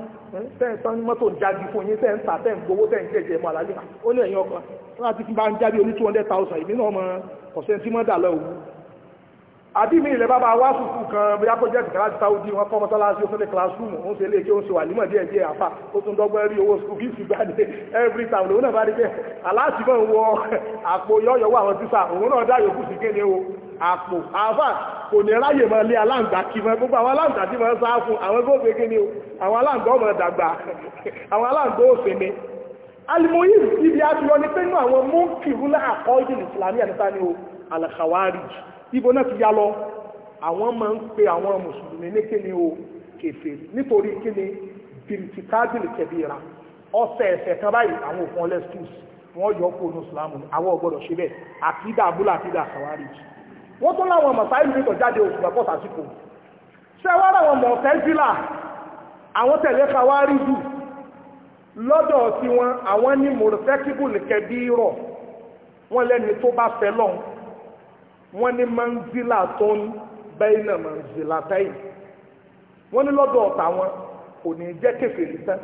tẹ́ẹ̀tọ́ ní mọ́tò ń jáde fún yín tẹ́ẹ̀ ń tà tẹ́ẹ̀ ń gbowó tẹ́ẹ̀ ń jẹ́jẹ́ mọ́ àlálẹ́ ó ní ẹ̀yìn ọkọ̀ láti fi bá ń jáde oní 200,000 ìbí náà mọ́ ọ̀sẹ̀ tí mọ́ dà lọ òun àbí mi ilẹ̀ bàbá wá sùkú kan bóyá project kan láti sáwọ́dí wọn kọ́ mọ́sálásí ó fẹ́lẹ̀ classroom ó ń ṣe ilé kí ó ń ṣe wà nímọ̀ díẹ̀ díẹ̀ àfà ó tún dọ́gbọ́n rí owó sùkú fíìsì gbà ní every time lòun náà bá rí bẹ́ẹ̀ aláàtì mọ́ ń wọ àpò yọ́yọ́wọ́ àwọn tíṣà òun náà o àpò àfà kò ní ráyè mọ́ lé aláǹgbà kí mọ́ gbogbo àwọn aláǹgbà tí wọ́n sáá fún àwọn gbogbo gẹ́gẹ́ ni àwọn aláǹgbà ọmọ dàgbà àwọn aláǹgbà òfèmé alimoyi ibi àtúrọ ni pé nínú àwọn mọ́nkìrúlá àkọ́jì ìsìlámì àníta ni o alàkàwárìjì ibo náà ti yá lọ àwọn máa ń pe àwọn mùsùlùmí ní kíni o kèfèrí nítorí kíni bìrìtìkábìlì kẹbìrà ọ̀sẹ̀ ẹ̀sẹ̀ kan báyìí àwọn òfin ọlẹ́sìkúùsì wọ́n yọ kó ní ìsìlámù àwọn ò gbọ́dọ̀ ṣe bẹ́ẹ̀ àkídà abúlé àkídà àkàwárìjì wọ́n tún láwọn mọ̀sáì ní ìtọ̀ jáde òṣùgbà pọ̀ sásìkò ṣẹ́wọ́n àwọn mọ̀tẹ́sílà àwọn tẹ̀lé kawárí jù lọ́dọ̀ sí wọn àwọn ní mọ̀rọ̀fẹ́kíbùlì kẹbí rọ̀ wọ́n lẹ́ni tó bá fẹ́ lọ́n wọ́n ní manzila tó ń bẹ́ẹ̀nà manzila tẹ́yìn wọ́n ní lọ́dọ̀ ọ̀tà wọn kò ní jẹ́ kèfèrí tán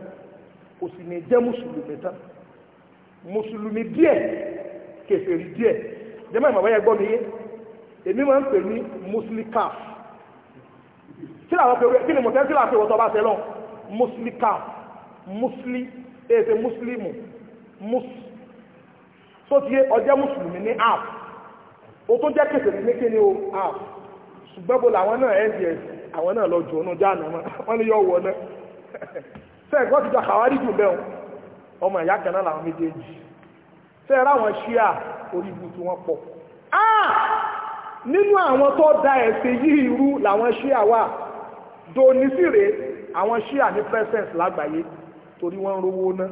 kò sì ní jẹ́ mùsùlùmí tán mùsùlùmí díẹ̀ kèfèrí díẹ̀ jẹ́mọ̀ ìmọ̀ bẹ́yẹ gbọ́ mi yé èmi máa ń pè ní muslikaf kí làwọn pè wẹ́ kí ni mo fẹ́ kí làwọn pè wọ́n tó bá ṣe lọ muslikaf musli èsè muslimu mus tó ti yé ọjọ́ mùsùlùmí ní app ó tó jẹ́ kèsè ní kí ni o app ṣùgbọ́n bo làwọn náà nds àwọn náà lọ jù ọ́nà jáàna wọn ni yóò wọ náà sẹ́ẹ̀ kọ́ ti jọ kàwárí jù bẹ́ẹ̀ ọmọ ìyá kan náà làwọn méjèèjì sẹ́ẹ̀ ráwọn ṣíà orí ibu tí pọ̀ áà ah! nínú àwọn tó da ẹ̀sìn yìí irú làwọn ṣíà wà do nísìrè àwọn ṣíà ní presence lágbàáyé torí wọ́n ń rówó ná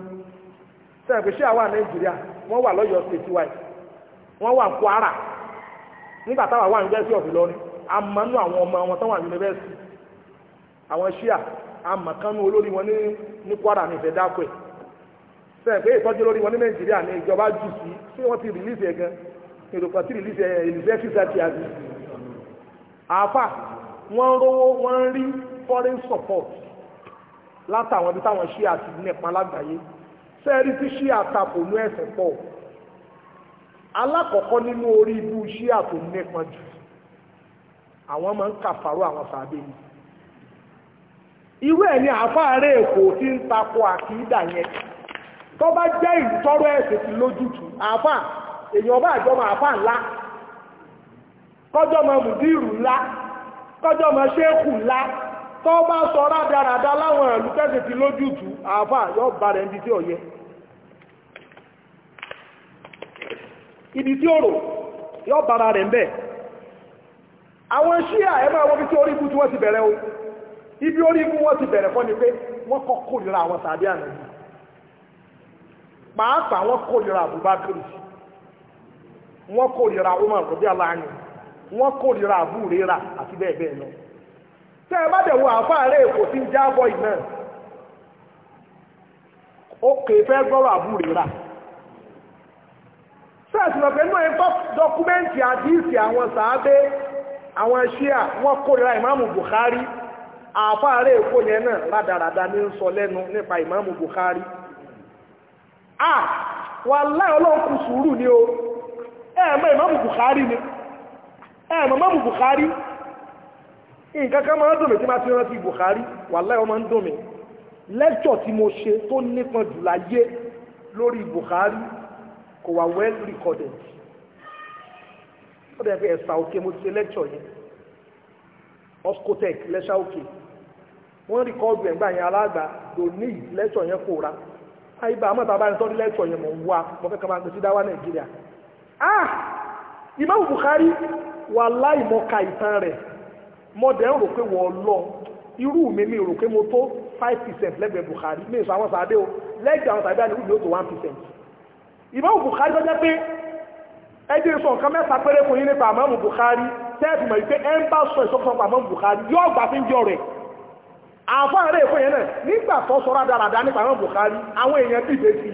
sẹ́yìn pé ṣíà wà nàìjíríà wọ́n wà lọ́yọ̀ state wide wọ́n wà Kwara nígbà táwa wà university of Ìlọrin àmọ́nú àwọn ọmọ wọn tán wà university àwọn ṣíà àmọ̀kánú olórí wọn ní Kwara ní ìfẹ́ dákọ̀ ẹ̀ sẹ́yìn ìtọ́jú olórí wọn ní Nàìjíríà ní ìjọba jù sí ṣé wọ́n ti release ẹ̀ èrò pàtí ìlísẹ̀ ìlísẹ̀ fífà ti àbí àfà wọ́n rówó wọ́n rí foreign support látàwọn ibi táwọn ṣí àti nípa lágbàáyé sẹ́ẹ̀rí tí ṣí àtàkò ní ẹ̀sẹ̀ pọ̀ alákọ̀ọ́kọ́ nínú orí ibú ṣí àtò nípa jù àwọn máa ń kàfàró àwọn sàbẹ̀ yìí irú ẹ̀ ni àfáàrẹ̀ èkó tí ń takò àkìdá yẹn tó bá jẹ́ ìlú tọ́rọ ẹ̀sẹ̀ ti lójútùú àfáà èèyàn bá àjọmọ àfà ńlá kọjọmọ mùdírù ńlá kọjọmọ ṣéèkù ńlá tó bá sọ rádaràdá láwọn ìlú tẹ́sì ti lójútù àfà yóò bá rẹ̀ ibi tí ó yẹ ibi tí ó rò yóò bára rẹ̀ ń bẹ̀ àwọn ṣíà ẹ máa wọ́n bí tí orí ikú tí wọ́n ti bẹ̀rẹ̀ o ibi orí ikú wọ́n ti bẹ̀rẹ̀ fọ́ni pé wọ́n kọ́ kórìíra àwọn tàbí ànàbí pàápàá wọ́n kórìíra àbúbákírì sí wọ́n kórìíra Umar rọ̀bí aláàánú wọ́n kórìíra àbúrera àti bẹ́ẹ̀ bẹ́ẹ̀ lọ tẹ́ ẹ bá dẹ̀ wo àfáàrẹ́ èkó tí ń jábọ̀ iná ó kè fẹ́ gbọ́rọ̀ àbúrera sẹ́ẹ̀sì lọ́pẹ́ inú ẹ̀ tọ́ dọ́kúmẹ́ǹtì àdíìsì àwọn sàábé àwọn ṣíà wọ́n kórìíra ìmáàmù Bukhari àfáàrẹ́ èkó yẹn náà rádaràda ní ń sọ lẹ́nu nípa ìmáàmù Bukhari ah wàláì ọlọ́run kù sùúrù ni o ẹ̀mọ́ ìmọ́mù Bukhari ni ẹ̀mọ́ Bukhari nǹkan kan máa ń dùn mí tí máa ti rántí Bukhari wallahi ó máa ń dùn mí lẹ́kṣọ̀ tí mo ṣe tó nípọn jù lórí Bukhari kò wà well recorded ó dẹ̀ fi ẹ̀sà òkè mo ti ṣe lẹ́kṣọ̀ yẹn oscotec lẹ́ṣà òkè wọ́n rìkọ́ọ̀dù ẹ̀gbà yẹn alágbà lóní lẹ́kṣọ̀ yẹn kò ra àyíbá àmọ́ta bá ń tọ́ ní lẹ́kṣọ̀ ah Imam Bukhari wallahi mo ìtàn rẹ̀ mo dẹ̀ ń rò pé wọ́n lọ irú mi mi rò pé mo tó five percent lẹ́gbẹ̀ẹ́ Bukhari mi sọ àwọn sàbẹ̀ o lẹ́gbẹ̀ẹ́ àwọn sàbẹ̀ àníwú mi ó tó one percent Imam Bukhari lọ́jọ́ pé ẹjẹ́ sọ nǹkan mẹ́ta péré fún yín nípa Imam Bukhari tẹ́ẹ̀fì mọ̀ wípé ẹ ń bá sọ ìsọkúsọ pa Imam Bukhari yóò gbà fi ń jọ rẹ̀ àfáà rẹ̀ fún yẹn náà nígbà tó sọ rádaràdá nípa Imam Bukhari àwọn èèyàn bìbẹ́ sí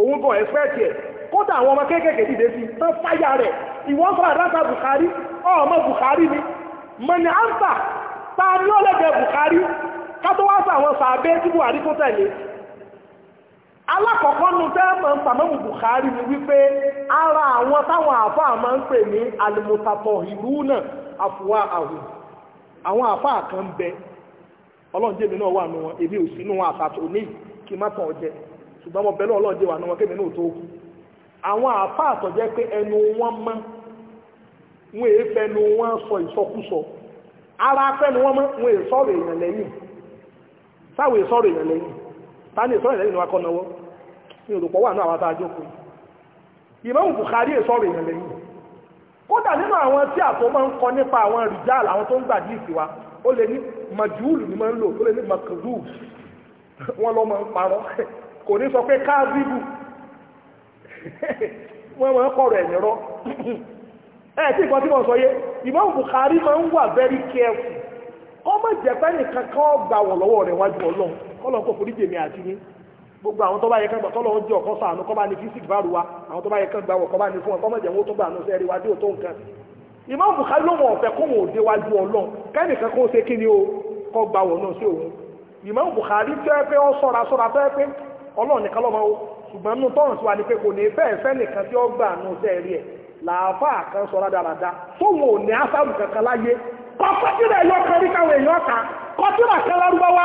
òun gan ẹ̀fẹ́ tiẹ̀ kódà àwọn ọmọ kéékèèké dìde sí tán fáyà rẹ̀ ìwọ́n fún àdáńtà Bukhari ọmọ Bukhari ni mọ̀nì áńtà ta ní ọlẹ́gbẹ̀ẹ́ Bukhari kátó wá sí àwọn sàbẹ́ tí Buhari tó tẹ̀lé alákọ̀ọ́kọ́ nu tẹ́ẹ̀mọ̀ ń pàmọ́mù Bukhari ni wípé ara àwọn táwọn àfáà máa ń pè ní alimutatọ̀ ìlú náà àfùwà àwùn àwọn àfáà kan bẹ ọlọ́njẹ́ mi náà wà nù wọn èmi ò sínú àtàtò ní kí má tàn jẹ ṣùgbọ́n mo bẹ̀rẹ̀ ọlọ́njẹ́ wà nù wọn kémi náà tó kú àwọn àfá àtọ̀jẹ́ pé ẹnu wọn mọ́ wọn èé fẹnu wọn sọ ìsọkúsọ ara fẹnu wọn mọ́ wọn èé sọ̀rọ̀ èèyàn lẹ́yìn sáwọn èé sọ̀rọ̀ èèyàn lẹ́yìn ta ní ìsọ̀rọ̀ lẹ́yìn wakọ̀ náwọ́ ní olùpọ̀ wà náà àwọn àtàjókòó ìmọ̀hùn Bukhari èé sọ̀rọ̀ èèyàn lẹ́yìn kódà nínú àwọn tí àtọ́ máa ń kọ nípa àwọn rìjáàl àwọn tó ń gbà dí ìsìwá ó lè ní majúùlù ni máa ń lò ó lè ní makadúù wọn lọ máa wọ́n máa kọ̀rọ̀ ẹ̀yìn rọ́ ẹ̀ tí ìkan tí mo sọ yé Imam Bukhari máa ń wà very careful ọmọ ìjẹ̀pẹ́ nìkan kan gbà wọ̀ lọ́wọ́ rẹ̀ wájú ọlọ́run kọ́lọ̀ kò forí jèmi àti yín gbogbo àwọn tó bá yẹ kán gbà tọ́lọ́ ń jẹ́ ọ̀kan sàánú kọ́ bá ní físíkì bá rú wa àwọn tó bá yẹ kán gbà wọ̀ kọ́ bá ní fún wọn kọ́ mọ̀jẹ̀ wọn tó gbà nù sẹ́ẹ̀rí wa dé òtó nǹkan Imam Bukhari ló wọn ọ̀fẹ́ kó wọn òde wájú ọlọ́run kẹ́nìkan kó ṣe kí ni o kọ́ ọlọ́run nìkan lọ́mọ o ṣùgbọ́n nínú tọ́run sí wa ni pé kò ní fẹ́ fẹ́ nìkan tí ó gbà nù sẹ́ẹ̀rí ẹ̀ làáfà kan sọ rádaràda tóun ò ní ásáàlù kankan láyé kọ́kọ́tìrà ẹ̀yọ́ kan rí káwọn èèyàn ta kọ́tìrà kan lárúbáwá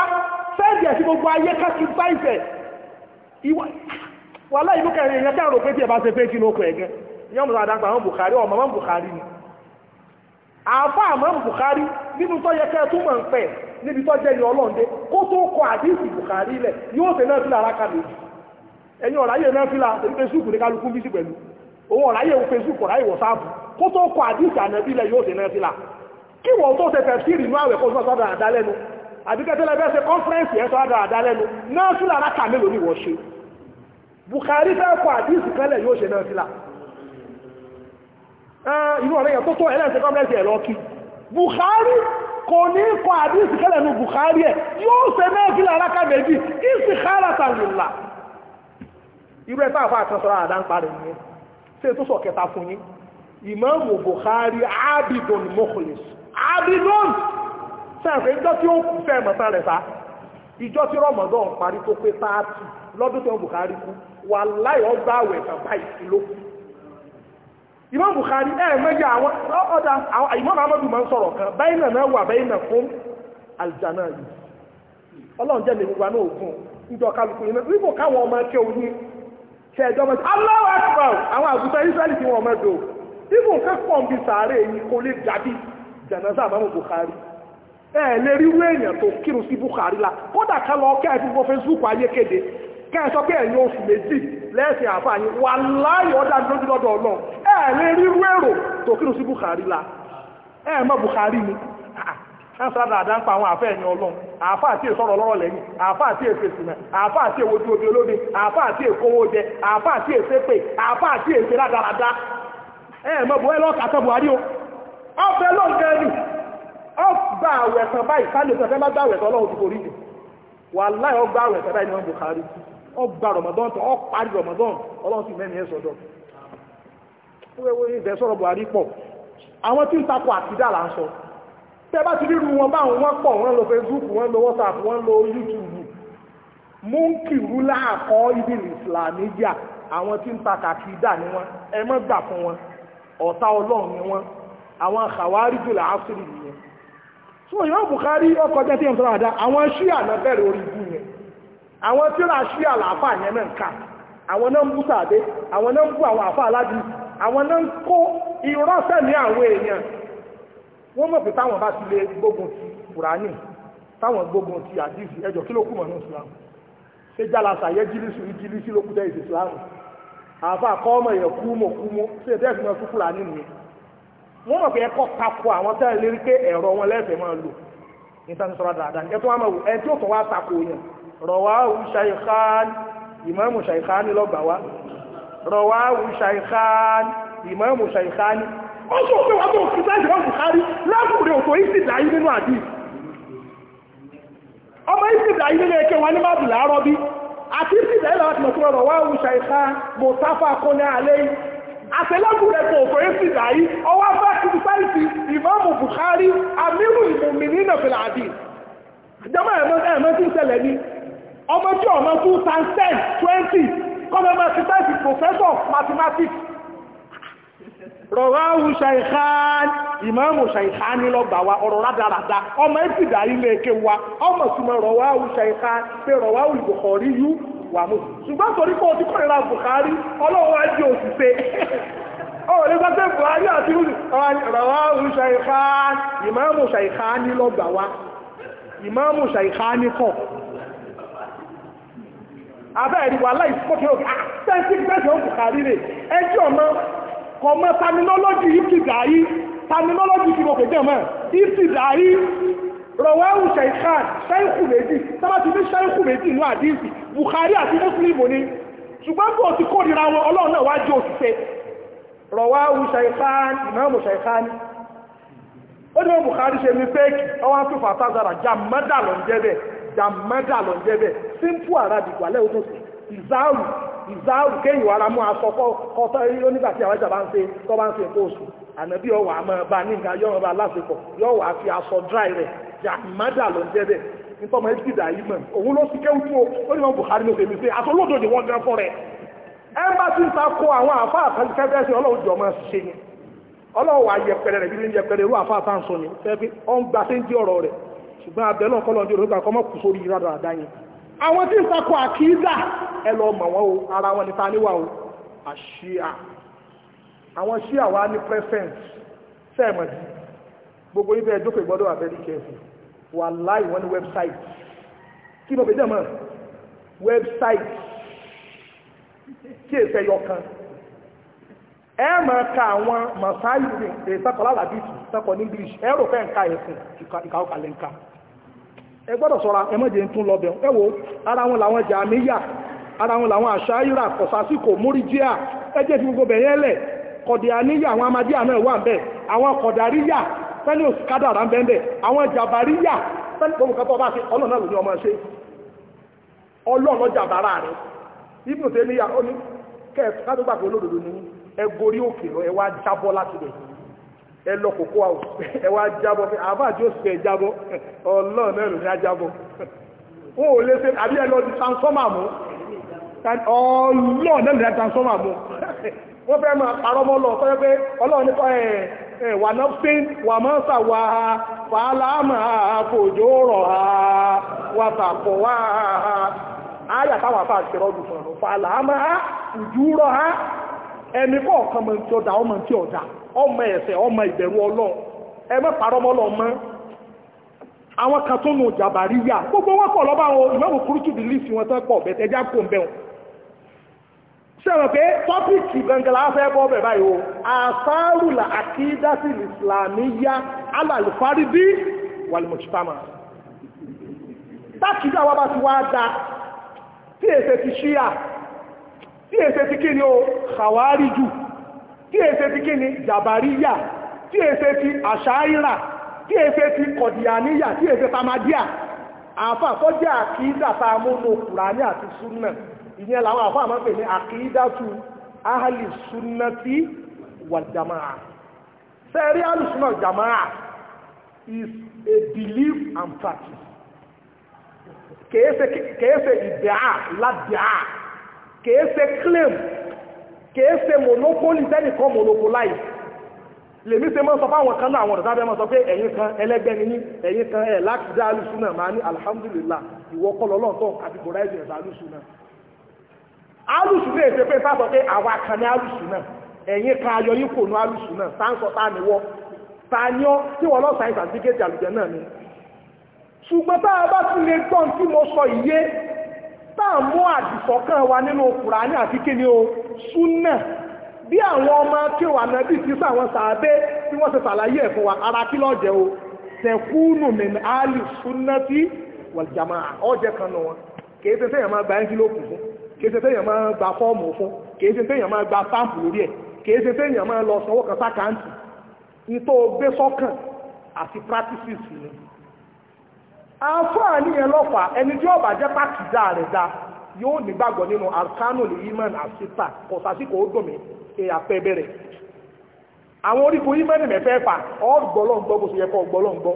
fẹ́ẹ̀dì ẹ̀sìn gbogbo ayé ká ti bá ìfẹ́ wàhálà ìlú kẹrin èèyàn dáàrò pé tí ẹ bá ṣe pé kí ló kọ ẹ̀gẹ́ yọ́n mú àdàgbà àwọn Bukhari ọmọ mọ́ Bukhari ni àáfà àmọ́ Bukhari nínú tó yẹ kẹ́ ẹ túmọ̀ níbi tó jẹ́ ní ọlọ́ndé kó tó kọ àdíìsì Bukhari lẹ̀ yóò ṣe náà fílà aráka méjì ẹ̀yin ọ̀ráyè náà fílà Facebook ní kálukú bí sí pẹ̀lú òun ọ̀ráyè Facebook ọ̀ráyè wọ̀sáàbù kó tó kọ àdíìsì ànàbí lẹ̀ yóò ṣe náà fílà kí wọ́n tó ṣe tẹ̀síìrì inú àwẹ̀ kó tó sọ́dọ̀ àdá lẹ́nu àbíkẹ́tẹ́lẹ́ bẹ́ẹ̀ ṣe kọ́nfẹ́rẹ́nsì ẹ̀ sọ́dọ̀ àdá lẹ́nu náà fílà aráka mélòó ni wọ́n ṣe Bukhari fẹ́ kọ àdíìsì kẹ́lẹ̀ yóò ṣe náà fílà inú ọ̀rẹ́yàn tó tó ẹlẹ́sẹ̀ kọ́nfẹ́rẹ́nsì ẹ̀ lọ kí Bukhari kò ní kọ àdíìsì kẹlẹ̀ ní Bukhari ẹ̀ yóò ṣe mẹ́fìlà aláka méjì ìsì kára tàlùlà irú ẹ̀ táwọn àti sọ́ra àdá ń parí ní ṣe tó sọ kẹta fún yín ìmáàmù Bukhari abidun mukhlis abidun sẹ́ẹ̀fẹ̀ ìjọ tí ó kù fẹ́ mọ̀tán rẹ̀ sá ìjọ tí rọmọdún parí tó pé táàtì lọ́dún tó Bukhari kú wà láì ọgbà àwẹ̀ tàbá ìfìlókù Imam Bukhari ẹ̀ mẹ́jọ àwọn ọ̀dá Imam Ahmadu ma ń sọ̀rọ̀ kan báyìí náà wà báyìí náà fún aljana yìí ọlọ́run jẹ́ lèwúwa náà ogun níjọ kálukú yìí náà nígbò káwọn ọmọ ẹkẹ oní ṣe ẹjọ́ mẹ́ta Allahu Akbar àwọn àgùntàn Israẹli tí wọ́n mẹ́dọ̀ nígbò nǹkan pọ̀ ń bi sàárè yìí kò lè dàbí jẹ̀nẹ́sà Imam Bukhari ẹ̀ lè rí wé èèyàn tó kírun sí Bukhari oṣù méjì lẹ́sìn àfààní wà láyọ̀ ọ̀dà lójú lọ́dọ̀ ọlọ́run ẹ̀ lè rírú èrò tó kírù sí Bukhari la ẹ̀ mọ́ Bukhari ni ẹ̀ sára àdá ń pa àwọn àfẹ́ ẹ̀yìn ọlọ́run àfá àti èsọ̀rọ̀ lọ́rọ̀ lẹ́yìn àfá àti èsèsìnà àfá àti èwojú obi olóbi àfá àti èkówó jẹ àfá àti èsèpè àfá àti èsè rádaràdá ẹ̀ mọ́ bu ẹlọ́ọ̀kà tán Buhari o ọ̀fẹ́ lọ́gẹ́rì ọgbà àwẹ̀sán báyìí Bukhari ọ gba Ramadan tán ọ parí Ramadan ọlọ́run sì mẹ́ni ẹ̀ sọ́dọ̀ wíwẹ́wẹ́ ìbẹ̀ sọ̀rọ̀ Buhari pọ̀ àwọn tí ń takò àkídà là ń sọ tẹ́ bá ti ríru wọn báwọn wọ́n pọ̀ wọ́n lo Facebook wọ́n lo WhatsApp wọ́n lo YouTube múnkìrú láàkọ́ ibi ìsìlámíyà àwọn tí ń takà àkídà ni wọ́n ẹ mọ́ gbà fún wọn ọ̀tá ọlọ́run ni wọ́n àwọn àkàwárí jù láásìrì nìyẹn tí wọ́n yọ Buhari ọkọ̀ jẹ́ tí ń sọ́ra àdá àwọn ṣíà náà bẹ̀rẹ̀ orí ibú yẹn àwọn tí ra ṣí àlàáfà yẹn mẹ́ nǹkan àwọn náà ń bú sàdé àwọn náà ń bú àwọn àfà aládì àwọn náà ń kó irọ́ sẹ́ni àwọn èèyàn wọ́n mọ̀ pé táwọn bá ti lè gbógun ti kùránì táwọn gbógun ti àdìsí ẹjọ́ kí ló kù mọ̀ ní ìsìlámù ṣé jálásà yẹ jílísù jílísù ló kù tẹ́ ìsì ìsìlámù àfà kọ́mọ̀ yẹ kúmọ̀ kúmọ̀ ṣé ẹ̀dẹ́ ìfìmọ̀ sí kùránì nìyẹn wọ́n mọ̀ pé ẹkọ́ tako àwọn tẹ́lẹ̀ lérí pé ẹ̀rọ wọn lẹ́fẹ̀ẹ́ máa lò ní sáńsọ́rọ̀ dáadáa ẹ̀tọ́ wọn mọ̀ ẹ̀tí ò tún wá tako yẹn rọ̀wáwù ṣàìkán ìmáàmù ṣàìkán lọ́gbàwá rọ̀wáwù ṣàìkán ìmáàmù ṣàìkán ó sọ pé wọ́n tó kí sáàjì wọ́n bùkárí lákùnrin òkò ìsìdáyí nínú àdí ọmọ ìsìdáyí nínú ẹkẹ wọn ní má bù láàárọ̀ bí àti ìsìdáyí làwọn tìmọ̀ tó rọ̀wáwù ṣàìkán mọ̀táfà kọ́ni àlẹ́ àtẹ́lẹ́gùnrẹ́kọ̀ òfin sí ìdáyí ọwá bá kìtìsáìtì ìmáàmù Bukhari ẹ̀mọ́ tí ń ṣẹlẹ̀ ní ọmọ tí ọ̀nà two times ten twenty kọ́mọ ẹgbẹ́ ti tẹ́sí professor of mathematics rọ̀wáwù ṣàìhán ìmáàmù ṣàìhán ní lọ́gbà wa ọ̀rọ̀ rádaràda ọmọ ẹ̀sì dà ilé eke wa ọmọ súnmọ́ rọ̀wáwù ṣàìhán pé rọ̀wáwù Bukhari yú wà mú ṣùgbọ́n torí pé o ti kọ́nira Bukhari ọlọ́wọ́ ajé òṣìṣẹ́ ọ̀rọ̀ nígbà tẹ́ Bukhari àti rọ̀wáwù ṣàìhán ìmáàmù ṣàìhán ní lọ́gbà wa ìmáàmù ṣàìhán ní kọ̀ abẹ́ẹ̀rí wà láì fọ́kẹ́ òkè àtẹ́sí gbẹ́sẹ̀ òkè kàríre ẹjọ́ ọmọ kọmọ terminology ìtìdáyí terminology ìdìbòkè jẹ́mọ̀ ìtìdáyí rọ̀wẹ́hùn ṣẹ̀ìkán ṣẹ́ìkù méjì sábà ti ní ṣẹ́ìkù méjì inú àdíìsì Bukhari àti Muslim ni ṣùgbọ́n bó ti kórìíra wọn ọlọ́run náà wá jẹ́ òṣìṣẹ́ rọ̀wẹ́hùn ṣẹ̀ìkán ìmọ̀ ṣẹ̀ìkán ó ní wọn Bukhari ṣe mi fẹ́ẹ̀kì ọwọ́n tó fàtàzàrà jà mọ́dà lọ́n jẹ́ bẹ́ẹ̀ jàmẹ́dà lọ jẹ́ bẹ́ẹ̀ simple arabic wà lẹ́yìn òtòsí ìzáàrù ìzáàrù kéyìn wàrà mú aṣọ kọ́tọ́ yóò nígbà tí àwọn ìjàmbá ń ṣe tó bá ń ṣe kóòsù ànàbí ọwà àmọ́ ọba nígbà yọ̀rọ̀ ọba lásìkò yọ̀wà fi aṣọ dry rẹ̀ jàmẹ́dà lọ jẹ́ bẹ́ẹ̀ nípa ọmọ ẹbí ìdá yìí mọ̀ òun ló sì kéwù tó ó ní wọn Buhari ló fèmí sí aṣọ olódò ni wọ́n gan fọ́ rẹ̀ ẹmbàsí ń ta kó àwọn àfa àtàkẹ́fẹ́ sí ọlọ́run jọ máa ṣiṣẹ́ ni ọlọ́run wà yẹpẹrẹ rẹ̀ bí ní yẹpẹrẹ irú àfa àtàǹsọ ni fẹ́ fi ọ́n gbà sí ń di ọ̀rọ̀ rẹ̀ ṣùgbọ́n abẹ́lọ́ kọ́lọ̀ ní orúkọ àkọ́mọ́ kù sórí ìrádọ̀ àdáyìn àwọn tí ń sakọ àkídà ẹlọ mọ̀ wọn o ara wọn níta níwà o àṣíà àwọn ṣíà wá ní preference sẹ́ẹ̀mọ̀dì gbogbo ibẹ̀ ẹjọ́ pé gbọ́dọ̀ àbẹ́rí kẹfì wà láì wọ́n ní website kí ló fi jẹ́ mọ́ website kí èsẹ̀ yọ kan ẹ mọ̀ ká àwọn mọ̀sáìsì èsàkọ̀lá àbí ìsàkọ̀ ní English ẹ rò fẹ́ nǹka ẹ̀sìn ìkàwọ́kàlẹ̀ nǹka ẹ gbọ́dọ̀ sọ́ra ẹ má tún lọ bẹ̀rún ara wọn làwọn jàmíyà ara wọn làwọn àṣáyíra kọ̀sásíkò múríjíà ẹ jẹ́ fi gbogbo bẹ̀yẹn lẹ̀ kọ̀dìyàníyà àwọn amadíà náà wà bẹ́ẹ̀ àwọn kọ̀dàríyà pẹ́lú kádàrà ń bẹ́ẹ̀ àwọn jàbàríyà pẹ́lú gbogbo kátó bá ẹlọ lọ kókó àwọ̀ ẹ jábọ̀ pé àbá n'elu oṣù ẹ jábọ̀ ọlọ́ọ̀ ní á jábọ̀ ò lè ṣe àbí ẹ di transformer mú wọ́n fẹ́ máa parọ́ mọ́ lọ pé ọmọ ẹ̀sẹ̀ ọmọ ìbẹ̀rù ọlọ́run ẹ má parọ́ mọ́ lọ mọ́ àwọn kan tó nù jàbàrí yà gbogbo wọn kọ̀ lọ́bà wọn ìmọ̀mù kúrútù bí lífi wọn tán pọ̀ bẹ̀tẹ̀ já kò ń bẹ̀ wọn sẹ́wọ̀n pé tọ́pìkì gangan láfẹ́ bọ́ bẹ̀ báyìí o àṣàrùlà àkídásí ìsìlámíyá alàlùfárídí wàlùmọ̀tìfàmà tákìdá wa bá ti wá dá tí èsẹ̀ ti ṣíyà tí èsẹ̀ ti kí ni o kàwárí jù tí èsè ti kí ni jàbáríyà tí èsè ti àṣáírà tí èsè ti kọ̀dìyàníyà tí èsè tamadíà àfà tó jẹ́ àkídà tá a múnú kùránì àti súnà ìyẹn làwọn àfà máa ń pè ní àkídà tu ahàlì súnà tí wà jàmáà sẹ́rí àlùsúnà jàmáà is a belief and practice kèése ìdíà ládìá kèése claim kìí ṣe monopoly tẹ́nìkan monopolize lèmi ṣe mọ́ sọ fáwọn kan náà àwọn ọ̀dọ́ sábẹ́ mọ́ sọ pé ẹ̀yin kan ẹlẹ́gbẹ́ ni ní ẹ̀yin kan ẹ̀ láti dá alùsùnà máa ní alhamdulillah ìwọ kọlọ lọ́tọ̀ àti kò ráìsì ẹ̀sà alùsùnà alùsùnà èsè pé sáà sọ pé àwa kan ní alùsùnà ẹ̀yin kan ayọ yìí kò ní alùsùnà sáńsọ tá ni wọ́ ta ni ọ́ tí wọ́n lọ́sàn ìsàdígéjì àlùjẹ náà ni ṣùgbọ́n tá a bá ti lè gbọ́n tí mo sọ ìyé táà mú àdìsọ́kàn wa nínú Kùránì àti kíni o súnà bí àwọn ọmọ kí wà nàbí ti sọ àwọn sàábé tí wọ́n ti sàlàyé ẹ̀ fún wa ara kí lọ́jẹ́ o tẹ̀kúnù mẹ́ni áàlì súnà tí wàjàmà ọ̀jẹ̀ kan nù wọn kìí ṣe tẹ́yàn máa gba ẹ́ńfílòpù fún kìí ṣe tẹ́yàn máa gba fọ́ọ̀mù fún kìí ṣe tẹ́yàn máa gba sáàpù lórí ẹ̀ kìí ṣe tẹ́yàn máa lọ sanwó kan sákàǹtì ìtò gbé sọ́kàn àti practices àǹfààní yẹn lọ́fà ẹni tí ọba jẹ́ pàkìdá rẹ̀ dá yóò nínú arkanu lè iman asita kò sásìkò ó dùn mí èyà pẹ́ bẹ̀rẹ̀ iman mẹ́fẹ̀ẹ̀fà ọgbọ́lọ́ngbọ́ bó ṣe yẹ ọ ọgbọ́lọ́ngbọ́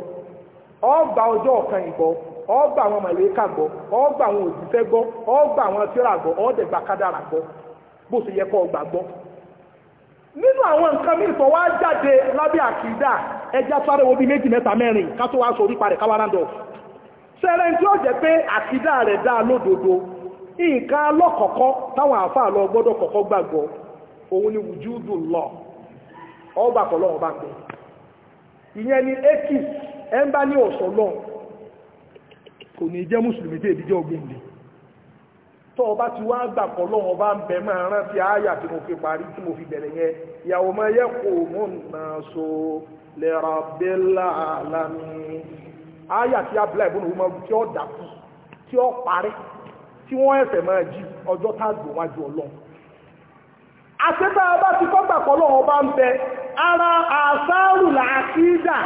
ọgbà àwọn àwọn àwọn ọ kádàrà bó ṣe yẹ nínú àwọn nǹkan wá jáde àkìdá sáré wo bí méjì ká tó wá sórí sẹ́rẹ̀ tí ó jẹ́ pé àkídá rẹ̀ dá lódodo nǹkan lọ́kọ̀ọ́kọ́ táwọn àfáà lọ gbọ́dọ̀ kọ́kọ́ gbàgbọ́ òun ni wùjúdù lọ ọgbà pọ̀lọ́ ọba pẹ̀ ìyẹn ni ekis bá ní ọ̀sọ̀ lọ kò ní jẹ́ mùsùlùmí tí èdíjọ́ gbìndì tó ọba ti wá gbà pọ̀lọ́ ọba ń bẹ máa rántí àyà tí mo fi parí tí mo fi bẹ̀rẹ̀ yẹn ìyàwó mọ́ yẹ kò mú nà so lẹ́rọ̀ bẹ́lá àlámì áyà tí abúlé ìbúnú wọn tí ó dàkú tí ó parí tí wọ́n ẹ̀fẹ̀ máa jí ọjọ́ táàgbò wájú ọlọ́run àṣẹ́bá ọba ti kọ́gbà pọ̀ lọ́wọ́ bá ń bẹ ara àṣàrù làákídà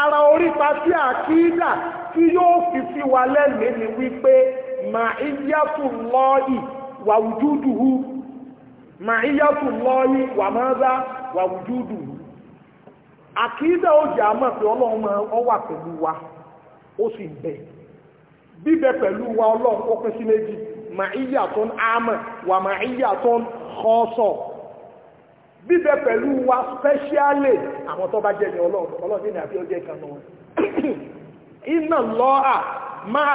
ara orípa sí àkídà tí yóò fi fi wa lẹ́mìí ni wípé mà íyàtù lọ́ọ̀yì wà wùjúdùú mà íyàtù lọ́ọ̀yì wà mọ́dá wà wùjúdùú àkídà ó jà mọ̀ pé ọlọ́run máa ọ wà pẹ̀lú wa ó sì bẹ̀ bíbẹ̀ pẹ̀lú wa ọlọ́run ó pín sí méjì màáyà tó ń ámọ̀ wà màáyà tó ń kọ́sọ̀ bíbẹ̀ pẹ̀lú wa spẹ́ṣíálì àwọn tó bá jẹ́ ní ọlọ́run ọlọ́run ní àbí ọjọ́ ìkànnà wọn iná lọ́à máa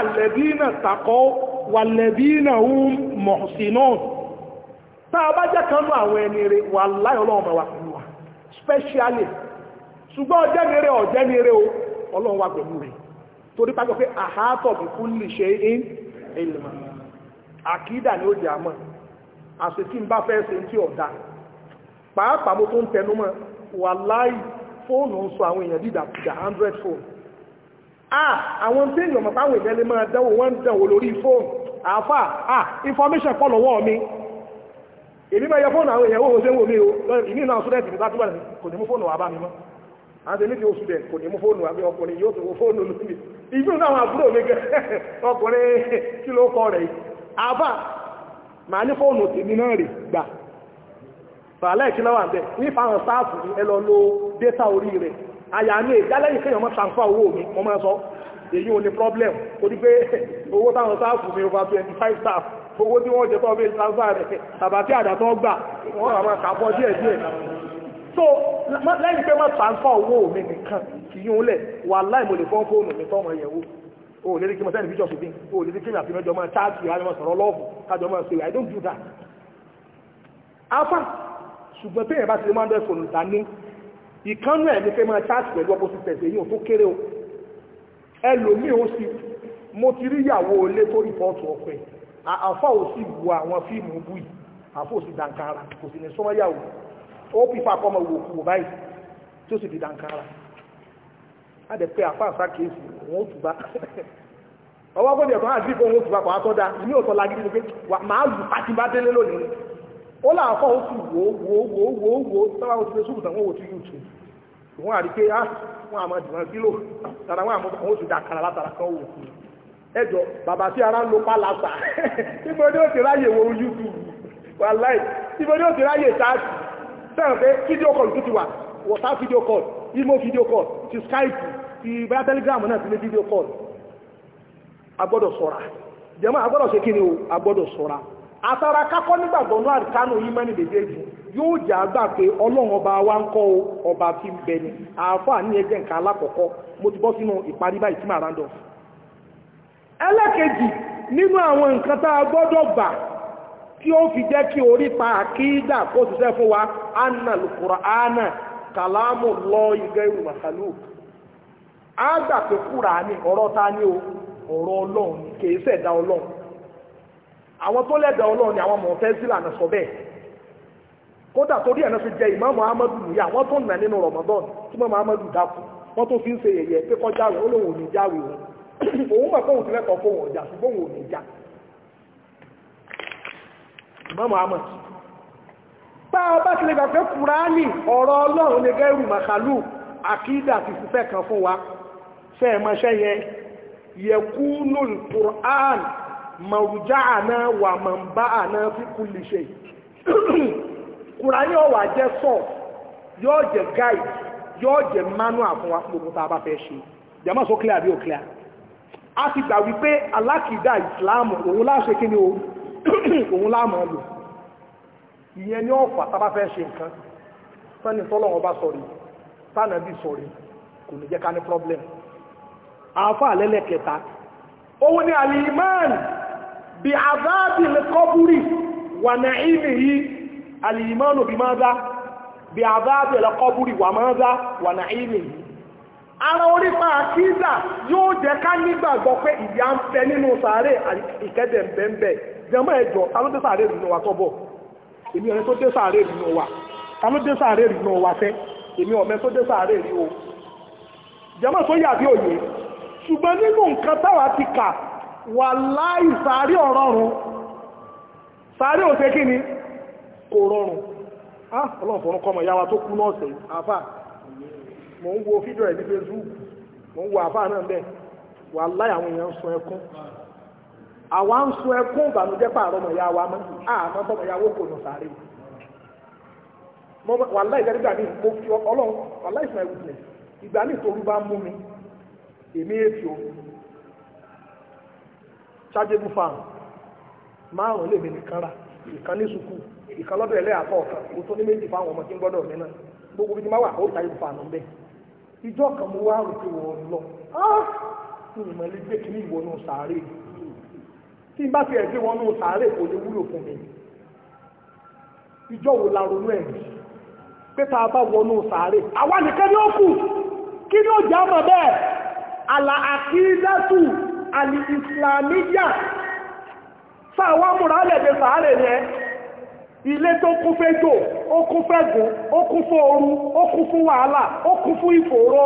ṣùgbọ́n ọjẹ́ nire ọjẹ́ nire o ọlọ́run wà pẹ̀lú rẹ̀ torí pé àhátọ̀ bí kú lè ṣe in ilmà àkídà ni ó jẹ́ àmọ́ àṣetí ń bá fẹ́ pàápàá mo tó ń tẹnu mọ́ wà láì fóònù ń sọ àwọn èèyàn kùdà àwọn tí èèyàn mọ̀ páwọn èèyàn máa dánwò wọ́n mi èmi máa fóònù àwọn èèyàn wò ó ṣe ń wò mí o ìní bá túbọ̀ kò ní mú fóònù wà bá mi àti níbi oṣù rẹ̀ kò ní mú fóònù àbí ọkùnrin yóò tó mú fóònù lónìí ìgbé náà àbúrò mi gẹ́ ọkùnrin kí ló kọ rẹ̀ àbá màá ní fóònù tèmi náà rè gbà fàálẹ̀ kí lọ́wà bẹ̀ ní fáwọn sáàfù ẹ lọ lo data orí rẹ̀ àyà ní ìdálẹ́yìn kéèyàn mọ́ transfer owó mi mo máa sọ èyí ò ní problem ó ní pé owó táwọn sáàfù mi over 25 staff owó tí wọ́n jẹ́ tọ́ bí transfer rẹ̀ tàbátí àdàtọ́ so lẹ́yìn pé má transfer owó mi nìkan kì í yún lẹ̀ wà láì mo lè fọ́ fóònù mi tọ́ ọmọ yẹ̀wò o ò lè rí kí mo sẹ́ni fíjọ́ sí bí o ò lè kí mi àti mẹ́jọ máa ṣáàtì ìhà sọ̀rọ̀ lọ́ọ̀bù kájọ máa ṣe I don't do that. afa ṣùgbọ́n téèyàn bá ti lè máa ń dẹ́ fòònù dání ìkánú ẹ̀ ní pé máa ṣáàtì pẹ̀lú opposite sex èyí ò tó kéré o ẹlòmíì ó sì mo ti rí ìyàwó ilé tó rìpọ́ọ̀tù ọ̀pẹ àfa ò sì wo àwọn fíìmù bú yìí àfa ò sì dànkara kò sì ní sọ́mọ́yàwó ó pípa àkọ́mọ wò kú báyìí tí ó sì fi dànkárà láti pé àpá àṣà kéèsì wọn ó tùbá ọwọ́ kó jẹ̀ tán àti ìfọ̀ wọn ó tùbá kò á tọ́ da ní òtọ́ lagídí ni pé màá lù pátí bá délé lónìí ó láàkọ́ ó sì wò wò wò wò wò tọ́wọ́ ó ti lè sùn tàn wọ́n wò tí yóò tù wọ́n àrí pé ah, á wọ́n àmọ́ dìbọn kílò tara wọ́n àmọ́ àwọn oṣù dàkàrà látara kan wò kú ẹjọ́ bàbá tí ara ń lo pálásà ibo ni ó ti ráyè wo YouTube wàláì ibo ni ó ti ráyè táàtì sẹ́yìn pé call tó ti wà video call, imo ti skype ti bẹ́ẹ̀ telegram náà ti lé fídíò kọlù agbọ́dọ̀ ṣọ́ra jẹ́mọ́ agbọ́dọ̀ ṣe kí ni o agbọ́dọ̀ ṣọ́ra àtàrà kákọ́ nígbàgbọ́ náà kánú yí mẹ́ni lèdèjì yóò pé ọlọ́run ọba wa ń kọ́ tí ó fi jẹ́ kí orí pa àkídà kó ṣiṣẹ́ fún wa anna al kàlámù lọ igẹ́ ìwàkàlù a gbà pé ọ̀rọ̀ ta ní o ọ̀rọ̀ ọlọ́run kìí ṣẹ̀dá ọlọ́run àwọn tó lẹ́dà ọlọ́run ni àwọn mọ̀ọ́fẹ́sílà náà sọ bẹ́ẹ̀ kódà torí ẹ̀ fi jẹ ìmáàmù nìyà tó nà nínú Ramadan tí mọ́mọ́ dákú fi ń pé kọjá rẹ̀ ó lóun ò ní òun mọ̀ ti lẹ́kọ̀ọ́ Ìmáàmù Ahmad bá a bá ti lè gbà pé Kùránì ọ̀rọ̀ Ọlọ́run lè gẹ́rù màkàlù àkídà ti fífẹ́ kan fún wa ṣe ẹ̀mọ́ṣẹ́ yẹ yẹkúnù Kùrán mọ̀rùjá àná wà mọ̀mbá àná fi kulli shay Kùránì ó wá jẹ́ sọ yóò jẹ́ guide yóò jẹ́ manual fún wa fún gbogbo tá a bá fẹ́ ṣe òun láàmà lò ìyẹn ní ọ̀fà tábà fẹ́ ṣe nǹkan sani tọ́lọ̀ ọba sọ̀rí sànà bí sọ̀rí kò ní jẹ́ ká ní problem àáfà lẹ́lẹ̀ kẹta òun ni alìmán bí àzáàbì lè kọ́búrì wà ní ìmì yìí alìmán òbí máa dá bí àzáàbì lè kọ́búrì wà máa dá wà ní ìmì yìí ara orípa àkídà yóò jẹ́ ká nígbàgbọ́ pé ìyà ń fẹ́ nínú sàárè ìkẹ́dẹ̀ ń jẹmọ́ ẹjọ́ ta ló dé sàárè nínú wa tọ́bọ̀ èmi ọ̀rẹ́ tó dé sàárè nínú wa ta ló dé sàárè nínú wa fẹ́ èmi ọ̀mẹ́ tó dé sàárè rí o jẹmọ́ tó yà bí òye ṣùgbọ́n nínú nǹkan táwa ti kà wà láì sàárè ọ̀rọ̀rùn sàárè òṣè kí ni kò rọrùn ah ọlọ́run fọ́nà kọmọ ìyá wa tó kú náà sẹ́yìn àfà mò ń wo fídíò ẹ̀ ní Facebook mò ń wo àfà náà bẹ́ẹ̀ àwa ń sun ẹkún ìbànújẹ́ pààrọ̀ ọmọ ìyá wa mọ́ àmọ́ ah, tọmọ ìyá wò kò nù sáré wàláì fi ọlọ́run ìgbà ní ìtòrú bá mú chargeable márùn lèmi nìkan rà ìkan ní ìkan lọ́dọ̀ ẹlẹ́yà o tó ní méjì ọmọ tí ń gbọ́dọ̀ gbogbo ti máa wà ó ìjọ kan mo wá rò pé wọ́n ah tí n bá ti ẹ̀gbẹ́ wọn ní sàárè kò lè wúlò fún mi ìjọ wo la ronú ẹ̀ pé tá a bá wọnú sàárè àwa nìkan ni ó kù kí ni ó jẹ́ ọmọ bẹ́ẹ̀ àlà àkídátù àlì ìsìlámíyà sáàwọ́ múra lẹ́dẹ̀ sàárè yẹn ilé tó kún fẹ́jò ó kún fẹ́gùn ó kún fún ooru ó kún fún wàhálà ó kún fún ìfòòró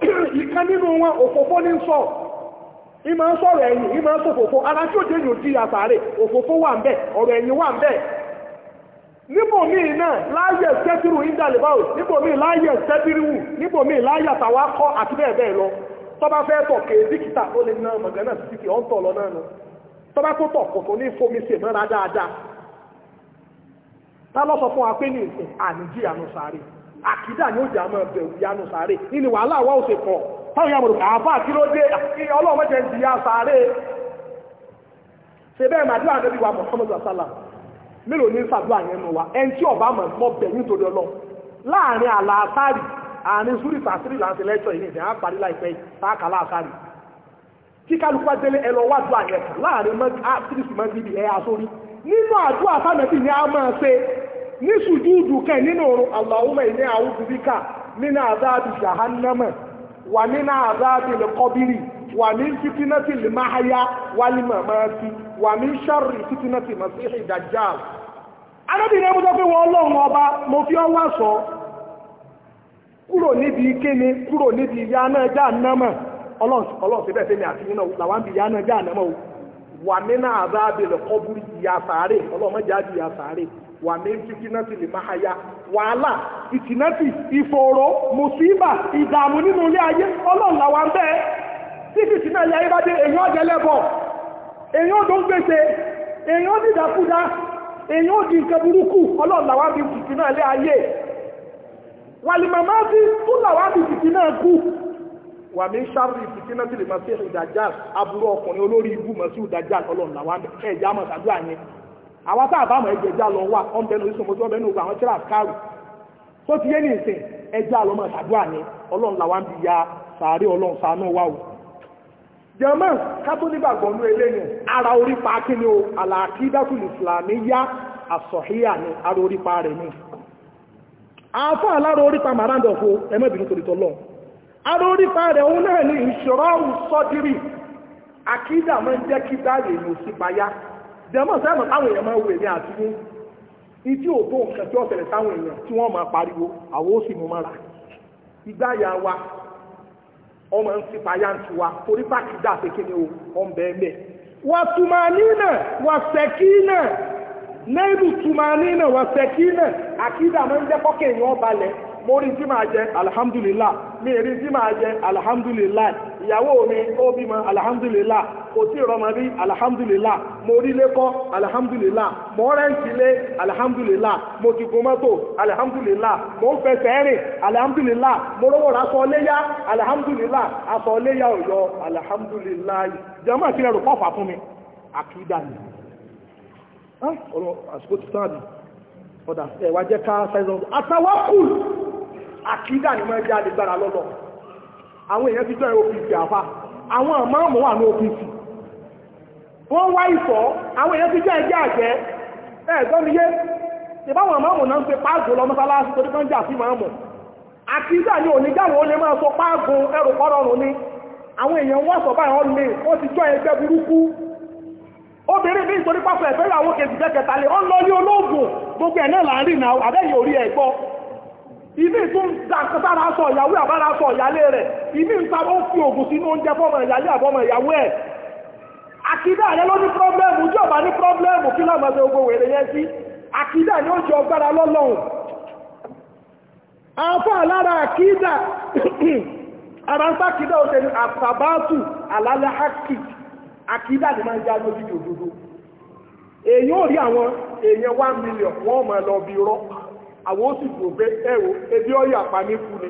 ìkan nínú wọn òfófó ní sọ ìmọ̀ ń sọ̀rọ̀ ẹ̀yìn ìmọ̀ ń sòfófó ara tí ó dé yóò di àtàrẹ òfófó wà ń bẹ̀ ọ̀rọ̀ ẹ̀yìn wà ń bẹ̀ níbòmíì náà láyẹ̀ sẹ́tìrù ìdàlẹ̀báwò níbòmíì láyẹ̀ sẹ́tìrù níbòmíì láyẹ̀ tàwa kọ́ àti bẹ́ẹ̀ bẹ́ẹ̀ lọ tọ́ba fẹ́ tọ̀ kéé dìkítà ó lè ná mọ̀gánà sí ti ọ̀ǹtọ̀ lọ náà nù tọ́ba tó tọ̀ kò tó ní fomi sí ìmọ̀ra dáadáa tá lọ́sọ fún wa àkídà ni ó jà mọ́ ẹ̀bẹ̀ ìyanu sáré nínú wàhálà wá òsè pọ̀ táwọn yàmùrù àáfà kí ló dé ọlọ́run mẹ́jẹ ń di ya sáré ṣe bẹ́ẹ̀ màdúrà débi wa Muhammadu asálà mélòó ní sàdúrà yẹn nù wa ẹn tí ọba mọ̀ mọ́ bẹ̀ nítorí ọlọ́ láàrin àlà àtàrí àárín zúrì tàṣírì láti lẹ́tọ̀ yìí nìyẹn á parí láìpẹ́ sáàkàlà ní sùjúùdù kẹ nínú oorun Allahumma inni a'udhu bika min azabi jahannama wa min azabi al-qabri wa min fitinati al-mahya wal-mamati wa min sharri fitinati masihi dajjal. arábìnrin ẹgbẹ́ pé wọ́n lọ́run ọba mo fi ọwọ́ sọ kúrò níbi kíni kúrò níbi ìyá náà jahannama ọlọ́run sí bẹ́ẹ̀ wà ní fitinati lè máa ya wàhálà ìtìnátì ìfòòró mùsíbà ìdààmú nínú ilé ayé ọlọ́run làwa ń bẹ́ẹ̀ tí fitina ilé ayé bá dé èyàn ọ̀jẹ̀ lẹ́bọ̀ èyàn ọdún gbèsè èyàn ó dìdàkúdà èyàn ó di nǹkan burúkú ọlọ́run làwa bí fitina ilé ayé wàlìmọ̀mọ́ sí tún làwa bí fitina kú wà mí sáré ìfìkínà lè máa fi ìdájà aburú ọkùnrin olórí ibú sí ìdájà ọlọ́run làwọn àwọn tá àbámọ̀ ẹjẹ ẹjá lọ wà ọmọbẹ̀nu ìṣòmójú ọmọbẹ̀nu ogun àwọn tíra kárù tó ti yé ní ìsìn ẹjá lọ mọ̀ ṣàdúrà ní ọlọ́run làwọn bí ya sàárè ọlọ́run ṣàánú wa o jẹ́mọ́ kátólíbà gbọ̀nú eléyìn ara orípa kíni o àlàkídákùn ìsìlámì yá àsọ̀híyà ní ara orípa rẹ̀ ní àfọ́ alára orípa màrándọ̀fo ẹmẹ́bìnrin torítọ́ lọ ara orípa rẹ̀ òun náà ní ìṣòro sọ́dírì àkídà máa ń jẹ́ kí dáàlè ní òsípayá jẹ́mọ̀ sẹ́mọ̀ táwọn èèyàn máa wo èmi àti yín ìdí òbó nǹkan tí ó ṣẹlẹ̀ táwọn èèyàn tí wọ́n máa pariwo àwọn ó sì mú mọ́ra ìgbà ya wa ọmọ ń fi payá ń tiwa torí pàkì dà pé kíni o ọmọ bẹ́ẹ̀ mẹ́ wà tùmání náà wà sẹ́kí náà lẹ́rù tùmání náà wà sẹ́kí náà àkídà máa ń jẹ́ kọ́kẹ́ èèyàn balẹ̀ mórí tí máa jẹ alhamdulillah mi èrí tí máa jẹ alhamdulillah ìyàwó mi ó ma alhamdulillah kò tí ìrọmọ bí alhamdulillah mo rí lẹ́kọ́ alhamdulillah mo rẹ́ǹtì lé alhamdulillah mo ti gun alhamdulillah mo fẹsẹ̀ rìn alhamdulillah mo rówó aṣọ léyà alhamdulillah aṣọ léyà ọ̀yọ́ jẹ́mọ̀ mi àkídà ni àkídà ni máa jẹ́ alẹ́gbára lọ́lọ́ àwọn èèyàn ti jọ OPC àfà àwọn àmọ́ọ̀mọ́ wà ní OPC wọ́n wá ìfọ́ àwọn èèyàn ti jẹ́ ẹgbẹ́ àjẹ́ ẹ̀ẹ́dọ́ ìbáwọn àmọ́ọ̀mọ́ náà ń pe páàgù lọ mọ́sálásí torí kan jà sí màámọ̀ àkídà ni òní jáwọ́ lè máa sọ páàgù ẹrù obìnrin bí nítorí pápá ẹ̀fẹ́ jẹ́ ọ́n lọ ní olóògùn gbogbo láàrin àbẹ́yìn ibi tó ń da nǹkan sára sọ ìyàwó àbára aṣọ ìyálé rẹ̀ ìmí ń ta ó fi òògùn sínú oúnjẹ fọmọ ìyálé àbọmọ ìyàwó ẹ̀ àkídà ló ní pírọ́blẹ́mù ọba ní pírọ́blẹ́mù kí wèrè yẹn sí àkídà ni ó jẹ ọgbára lọ́lọ́hùn afọ́ alára àkídà ara ń sá àkídà ó ṣe àfàbátù alálẹ́ àkídà ni máa ń jáde lójú million wọ́n mọ̀ lọ bí rọ́ àwọn oṣù tó gbé ẹ̀wò ebi ọ̀yà pa ní kú ni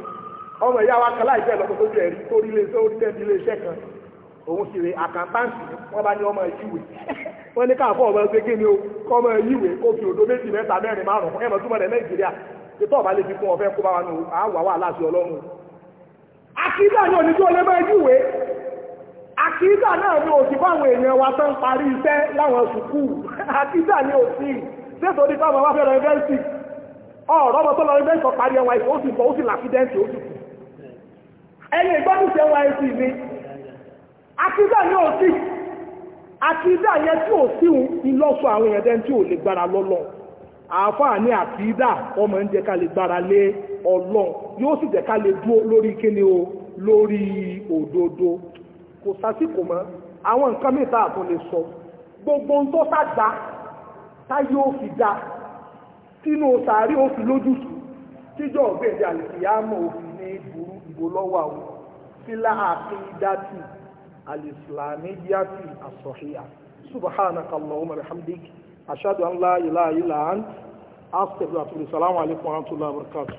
ọmọ ìyá wa kan láìpẹ́ lọ́kọ́ tó jẹ́ ẹ̀rí tó rí iléeṣẹ́ orí tẹ́ẹ̀dì iléeṣẹ́ kan òun sì rè àkàntàǹtì wọ́n bá ní ọmọ ìyíwèé wọ́n ní káàkọ́ ọmọ ẹgbẹ́ kí ni o kọ́mọ ìyíwèé kó fi òdo méjì mẹ́ta mẹ́rin márùn-ún ẹ̀mọ̀ túmọ̀ rẹ̀ nàìjíríà tí tọ́ọ̀bá lè fi fún ọ̀fẹ́ kó bá wa nù àwà wà láti ọlọ́run àkídà náà ní tí ó lè máa yíwèé àkídà náà ni òsì fáwọn èèyàn wa tán parí iṣẹ́ láwọn sùkúù àkídà ni òsì ṣètò fáwọn wáfẹ́ rẹ̀ ọ̀rọ̀ ọmọ tó lọ ilé ìsọ̀ parí ẹwà ìfọ̀ ó sì bọ̀ ó sì làfidẹ́ǹtì ó ẹni ìgbọ́nùsẹ̀ ẹwà ẹ̀sì tí ò sí ìlọ́sọ àwọn èèyàn dẹ́n ò lè gbára lọ́lọ́ àáfàá ní àtidá ọmọ ń jẹ́ lè gbára lé o lórí òdodo kò sásìkò mọ́ àwọn nǹkan sọ gbogbo ń tó sá táyé sínú sàárì òfin lójútùú tíjọ́ ọ̀gbẹ̀dẹ̀ àlìkìyàmọ̀ òfin ní burú ìbò lọ́wọ́ àwọn fílà àkídàtì alìsìlámíyàtì àsọ̀híyà subhanaka allahumma bihamdik ashhadu an la ilaha illa ant astaghfiruka wa atubu ilayk assalamu alaykum wa rahmatullahi wa barakatuh